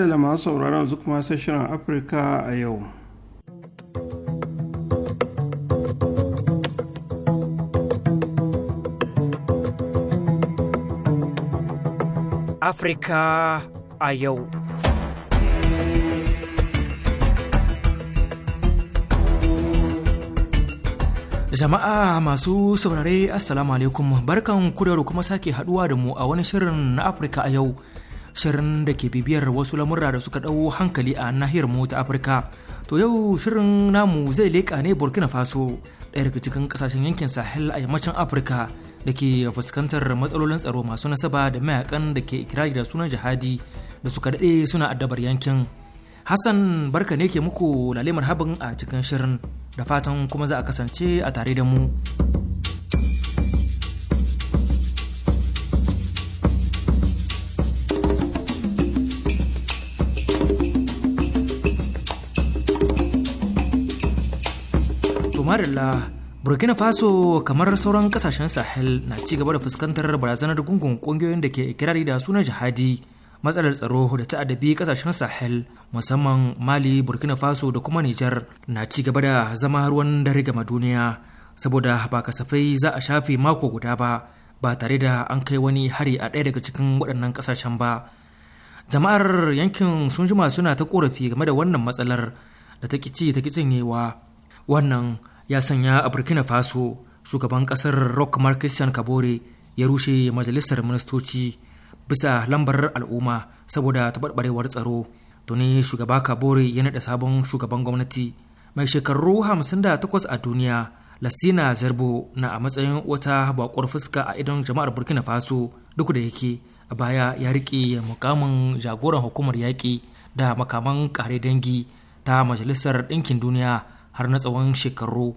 da masu sauraron yanzu kuma sai shirin afirka a yau afirka a yau Jama'a masu saurare Assalamu alaikum barkan kudaru kuma sake haduwa da mu a wani shirin na Afirka a yau shirin da ke bibiyar wasu lamurra da suka ɗau hankali a nahiyar mu ta Afirka. To yau shirin namu zai leƙa ne Burkina Faso ɗaya daga cikin ƙasashen yankin Sahel a yammacin Afirka da ke fuskantar matsalolin tsaro masu nasaba da mayakan da ke ikirari da sunan jihadi da suka daɗe suna addabar yankin. Hassan barka ne ke muku lalemar habin a cikin shirin da fatan kuma za a kasance a tare da mu. marilla burkina faso kamar sauran kasashen sahel na ci gaba da fuskantar barazanar gungun kungiyoyin da ke ikirari da sunan jihadi matsalar tsaro da ta'adabi kasashen sahel musamman mali burkina faso da kuma nijar na ci gaba da zama ruwan dare gama duniya saboda ba kasafai za a shafe mako guda ba ba tare da an kai wani hari a ɗaya daga cikin waɗannan kasashen ba jama'ar yankin sun jima suna ta korafi game da wannan matsalar da ta ci ta cinyewa wannan ya sanya a burkina faso shugaban kasar rock mark christian kabore ya rushe majalisar ministoci bisa lambar al'umma saboda taɓarɓarewar tsaro tuni shugaba kabore ya naɗa sabon shugaban gwamnati mai shekaru hamsin da 58 a duniya lassina zarbo na a matsayin wata bakwar fuska a idan jama'ar burkina faso duk da yake a baya ya riƙe mukamin jagoran hukumar yaƙi da makaman ƙare dangi ta majalisar ɗinkin duniya har na tsawon shekaru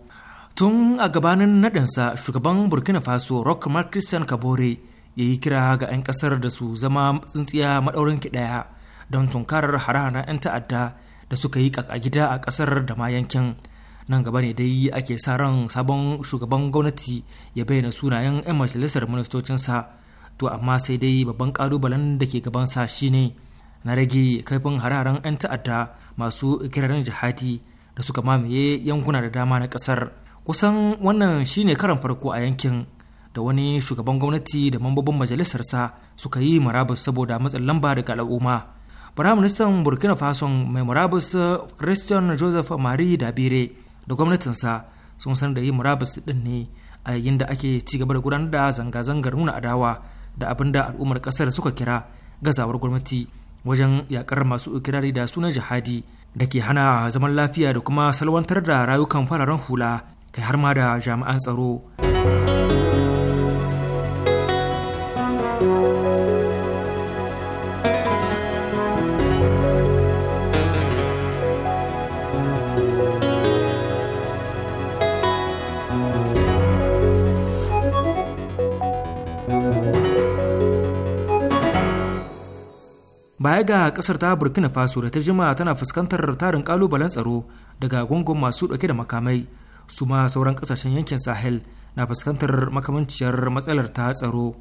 tun a gabanin naɗinsa shugaban burkina faso rock mark christian kabore ya yi kira ga 'yan kasar da su zama tsintsiya maɗaurin ki ɗaya don tunkarar harahana 'yan ta'adda da suka yi kaka gida a kasar da ma yankin nan gaba ne dai ake sa ran sabon shugaban gwamnati ya bayyana sunayen 'yan majalisar ministocinsa to amma sai dai babban ƙalubalen da ke gabansa shine na rage kaifin hararen 'yan ta'adda masu ikirarin jihadi da suka mamaye yankuna da dama na kasar. kusan wannan shine karan farko a yankin da wani shugaban gwamnati da mambobin majalisarsa suka yi murabus saboda matsin lamba daga al'umma firaministan burkina faso mai murabus christian joseph marie dabire da gwamnatinsa sun sanar da yi murabus din ne a yayin da ake ci gaba da gudanar da zanga-zangar nuna adawa da abin da al'ummar kasar suka kira gazawar gwamnati wajen yakar masu ikirari da sunan jihadi da ke hana zaman lafiya da kuma salwantar da rayukan fararen hula kai har ma da jami'an tsaro. baya ga kasar ta burkina faso da ta jima tana fuskantar tarin kalubalen tsaro daga gungun masu dauke da makamai su ma sauran kasashen yankin sahel na fuskantar makamanciyar matsalar ta tsaro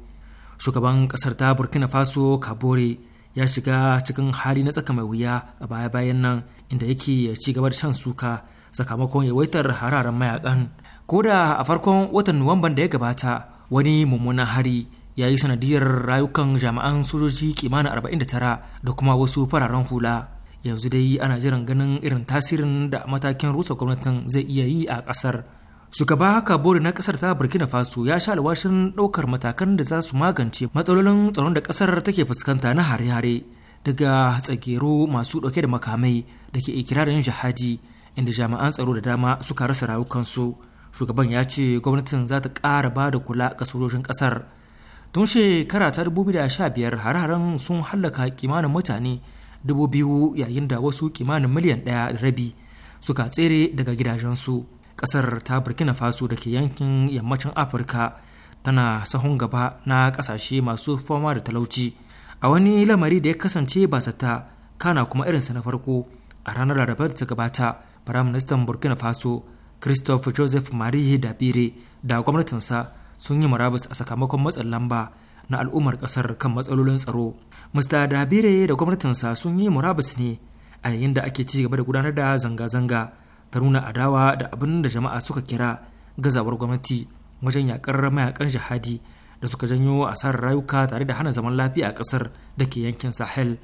shugaban kasar ta burkina faso kabore ya shiga cikin hali na tsaka mai wuya a baya bayan nan inda yake ya ci gaba da shan suka sakamakon yawaitar hararen mayakan ko da a farkon watan nuwamban da ya gabata wani mummunan hari ya yi sanadiyar rayukan jami'an sojoji kimanin 49 da kuma wasu fararen hula yanzu dai ana jiran ganin irin tasirin da matakin rusa gwamnatin zai iya yi a kasar shugaba Bori na kasar ta burkina faso ya sha alwashin ɗaukar matakan da za su magance matsalolin tsaron da kasar take fuskanta na hare-hare daga tsagero masu dauke da makamai da ke ikirarin jihadi inda jami'an tsaro da dama suka rasa rayukansu shugaban ya ce gwamnatin za ta ƙara ba da kula ga sojojin ƙasar tun shekara ta 2015 hare-haren sun hallaka kimanin mutane dubu biyu yayin da wasu kimanin miliyan ɗaya rabi suka tsere daga gidajensu ƙasar ta burkina faso da ke yankin yammacin afirka tana sahun gaba na ƙasashe masu fama da talauci a wani lamari da ya kasance ba zata kana kuma irinsa na farko a ranar laraba da ta gabata firaministan burkina faso christophe joseph marie dabire da gwamnatinsa sun yi murabus a sakamakon matsin lamba na al'ummar kasar kan matsalolin tsaro Mista dabire da gwamnatinsa sun yi murabus ne a yayin da ake ci gaba da gudanar da zanga-zanga ta nuna adawa da abin da jama'a suka kira gazawar gwamnati wajen yakar mayakan jihadi da suka janyo asarar rayuka tare da hana zaman lafiya a kasar da ke yankin sahel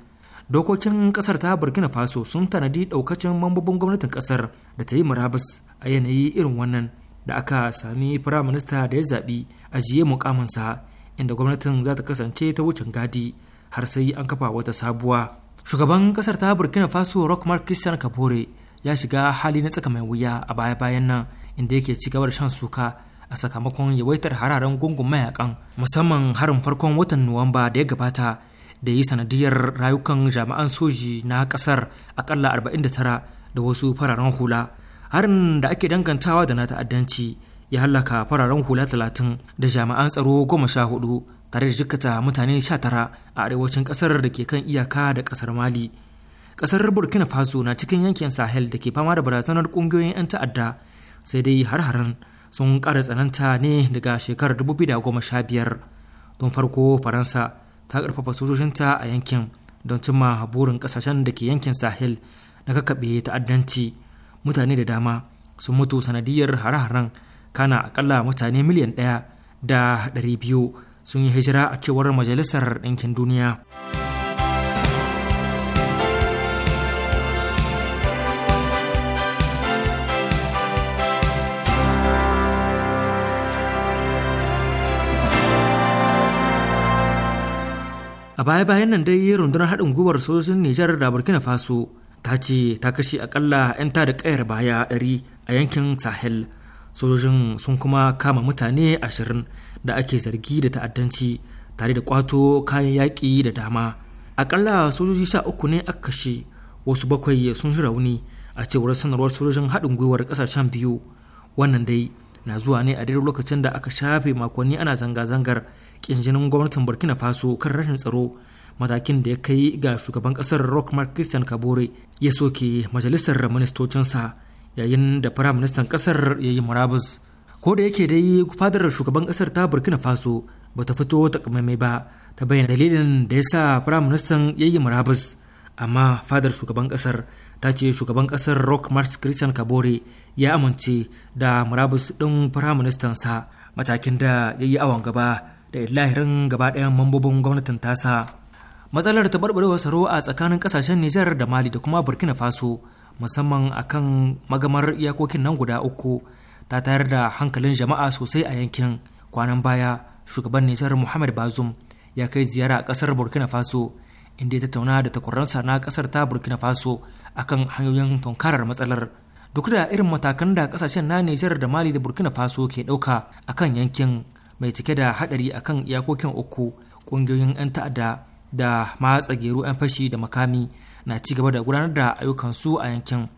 dokokin kasar ta burkina faso sun tanadi daukacin mambobin gwamnatin kasar da ta yi murabus a yanayi irin wannan da aka sami firaminista da ya zaɓi ajiye mukaminsa inda gwamnatin za ta kasance ta wucin gadi har sai an kafa wata sabuwa shugaban kasar ta burkina faso rock mark christian kabore ya shiga hali na tsaka mai wuya a baya-bayan nan inda yake ci gaba da shan suka a sakamakon yawaitar hararen gungun mayakan musamman harin farkon watan nuwamba da ya gabata da yi sanadiyar rayukan jami'an soji na kasar akalla 49 da wasu fararen hula harin da ake dangantawa da na ta'addanci ya hallaka fararen hula talatin da jami'an tsaro goma sha hudu tare da jikkata mutane sha tara a arewacin kasar da ke kan iyaka da kasar mali kasar burkina faso na cikin yankin sahel da ke fama da barazanar kungiyoyin 'yan ta'adda sai dai har-haren sun kara tsananta ne daga shekarar 2015 don farko faransa ta karfafa sojojinta a yankin don cimma burin kasashen da ke yankin sahel na kakaɓe ta'addanci mutane da dama sun mutu sanadiyar hare-haren kana akalla mutane miliyan ɗaya da ɗari biyu sun yi hijira a cewar majalisar ɗinkin duniya a baya-bayan nan dai rundunar haɗin gwiwar sojojin nijar da burkina faso ta ce ta kashe akalla 'yan tada kayar baya 100 a yankin sahel sojojin sun kuma kama mutane ashirin da ake zargi da ta'addanci tare da kwato kayan yaƙi da dama akalla sojoji sha uku ne aka kashe wasu bakwai sun shi rauni a cewar sanarwar sojojin haɗin gwiwar ƙasashen biyu wannan dai na zuwa ne a daidai lokacin da aka shafe makonni ana zanga-zangar ƙinjinin gwamnatin burkina faso kan rashin tsaro matakin da ya kai ga shugaban kasar rock mark christian kabore ya soke majalisar ministocinsa yayin da firaministan kasar ya yi murabus ko da yake dai fadar shugaban kasar ta burkina faso bata fito ta takamaimai ba ta bayyana dalilin da ya sa firaministan ya yi murabus amma fadar shugaban kasar ta ce shugaban kasar rock mark christian kabore ya amince da murabus ɗin firaministansa matakin da ya yi awon gaba da lahirin gaba ɗayan mambobin gwamnatin tasa matsalar taɓarɓarewar tsaro a tsakanin ƙasashen nijar da mali da kuma burkina faso musamman akan magamar iyakokin nan guda uku ta tayar da hankalin jama'a sosai a yankin kwanan baya shugaban nijar muhammad bazum ya kai ziyara a ƙasar burkina faso inda ya tattauna da takwaransa na ƙasar ta burkina faso akan hanyoyin tunkarar matsalar duk da irin matakan da kasashen na Nijar da Mali da Burkina Faso ke ɗauka akan yankin mai cike da haɗari akan iyakokin uku ƙungiyoyin 'yan ta'adda da matsa gero 'yan fashi da makami na ci gaba da gudanar da ayyukansu a yankin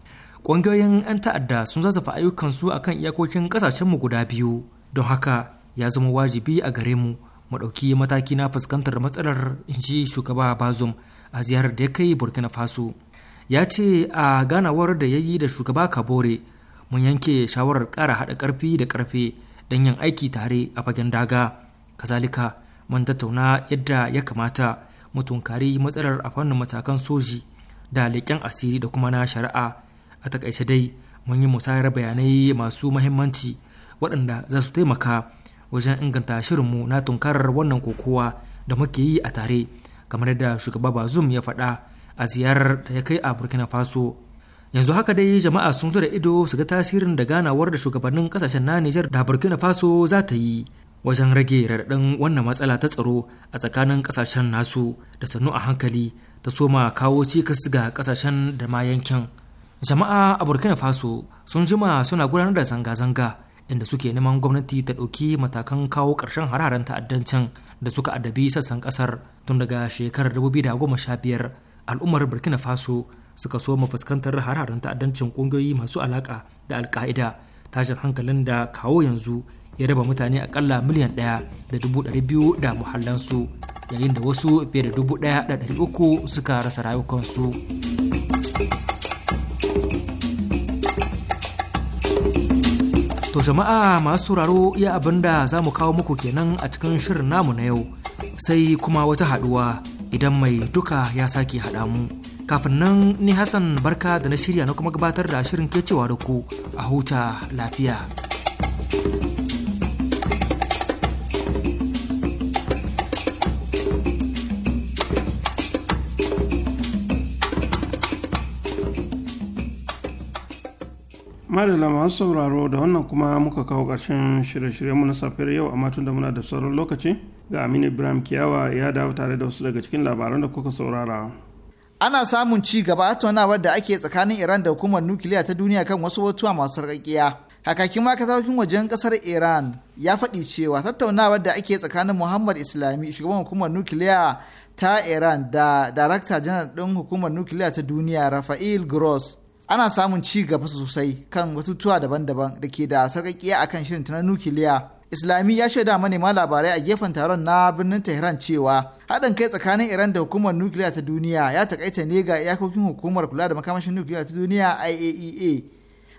ƙungiyoyin 'yan ta'adda sun zazzafa ayyukansu a kan iyakokin ƙasashenmu guda biyu don haka ya zama wajibi a gare mu mu ɗauki mataki na fuskantar matsalar inji shugaba bazum a ziyarar da ya kai burkina faso ya ce a ganawar da ya yi da shugaba kabore mun yanke shawarar ƙara haɗa ƙarfi da ƙarfe don yin aiki tare a fagen daga kazalika mun tattauna yadda ya kamata mu matsalar a fannin matakan soji da leƙen asiri da kuma na shari'a a takaice dai mun yi musayar bayanai masu mahimmanci waɗanda za su taimaka wajen inganta shirinmu na tunkarar wannan kokowa da muke yi a tare kamar da shugaba bazum ya faɗa a ziyarar da ya kai a burkina faso yanzu haka dai jama'a sun zo da ido su ga tasirin da ganawar da shugabannin kasashen na nijar da burkina faso za ta yi wajen rage raɗaɗin wannan matsala ta tsaro a tsakanin ƙasashen nasu da sannu a hankali ta soma kawo cikas ga ƙasashen da ma yankin jama'a a burkina faso sun jima suna gudanar da zanga-zanga inda suke neman gwamnati ta ɗauki matakan kawo ƙarshen hararen ta'addancin da suka adabi sassan ƙasar tun daga shekarar 2015 al'ummar burkina faso suka soma fuskantar hararen ta'addancin ƙungiyoyi masu alaƙa da alka'ida tashin hankalin da kawo yanzu ya raba mutane akalla miliyan ɗaya da dubu ɗari biyu da muhallansu yayin da wasu fiye da dubu ɗaya da ɗari uku suka rasa rayukansu. To jama'a masu sauraro iya abin da za mu kawo muku kenan a cikin shirin namu na yau sai kuma wata haduwa idan mai duka ya sake haɗa mu. Kafin nan ni Hassan barka da na shirya na kuma gabatar da shirin ke cewa da ku a huta lafiya. thank you madalla masu sauraro da wannan kuma muka kawo ƙarshen shirye-shiryenmu na safiyar yau amma tun da muna da sauran lokaci ga aminu ibrahim kiyawa ya dawo tare da wasu daga cikin labaran da kuka saurara ana samun ci gaba tattaunawar da ake tsakanin iran da hukumar nukiliya ta duniya kan wasu batuwa masu sarƙaƙiya hakakin makatakin wajen kasar iran ya faɗi cewa tattaunawar da ake tsakanin muhammad islami shugaban hukumar nukiliya ta iran da darakta janar ɗin hukumar nukiliya ta duniya rafa'il gross ana samun ci gaba sosai kan batutuwa daban-daban da ke da sarƙaƙiya kan shirin ta nukiliya islami ya shaida manema labarai a gefen taron na birnin tehran cewa haɗin kai tsakanin iran da hukumar nukiliya ta duniya ya takaita ne ga iyakokin hukumar kula da makamashin nukiliya ta duniya iaea e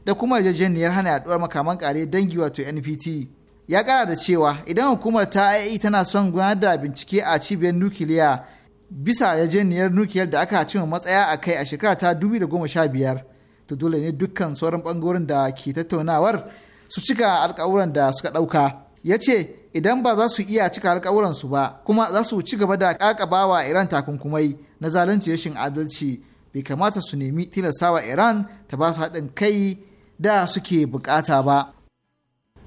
da kuma yarjejeniyar hana yaduwar makaman kare dangi wato npt ya ƙara da cewa idan hukumar ta iaea e tana son gudanar da bincike a cibiyar nukiliya bisa yarjejeniyar nukiliyar da aka cimma matsaya a kai a shekara ta biyar. to dole ne dukkan sauran bangoren da ke tattaunawar su cika alkawuran da suka ɗauka ya ce idan ba za su iya cika alkawuran su ba kuma za su ci gaba da kakabawa iran takunkumai na zalunci rashin adalci bai kamata su nemi tilastawa iran ta ba su haɗin kai da suke bukata ba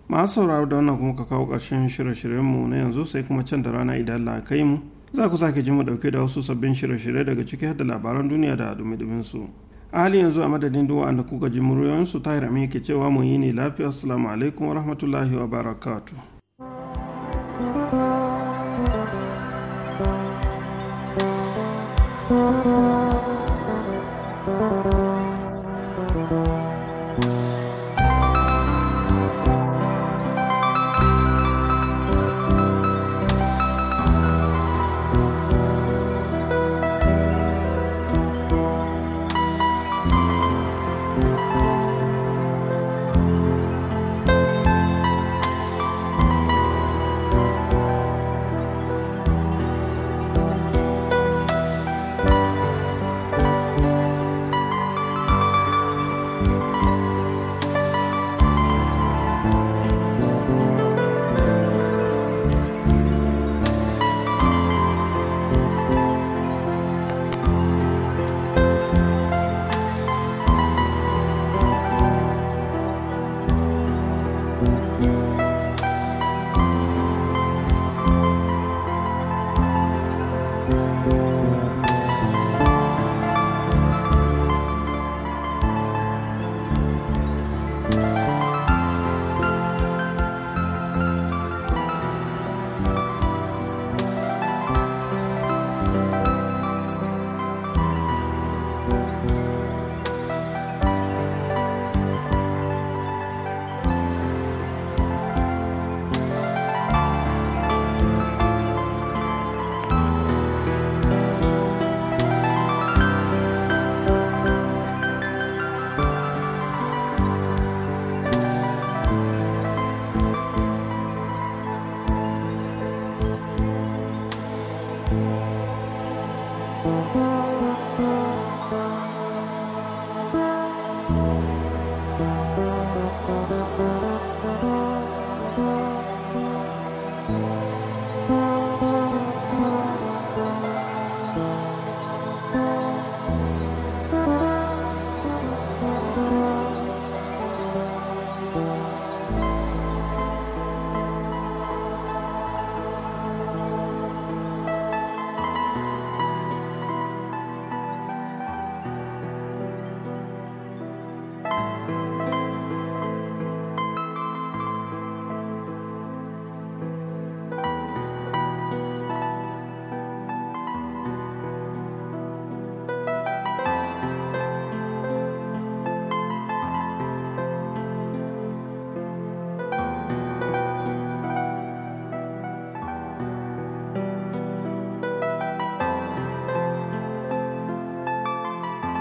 masu sauraro da wannan kuma ka kawo ƙarshen shirye-shiryenmu na yanzu sai kuma can da rana idan la kai mu za ku sake ji mu ɗauke da wasu sabbin shirye-shirye daga ciki har da labaran duniya da dumi-duminsu. su a halin yanzu a madadin duwa da kuka ji muryoyinsu tahir amin ke cewa mu yi ne lafiya assalamu alaikum wa rahmatullahi wa barakatuh Bye.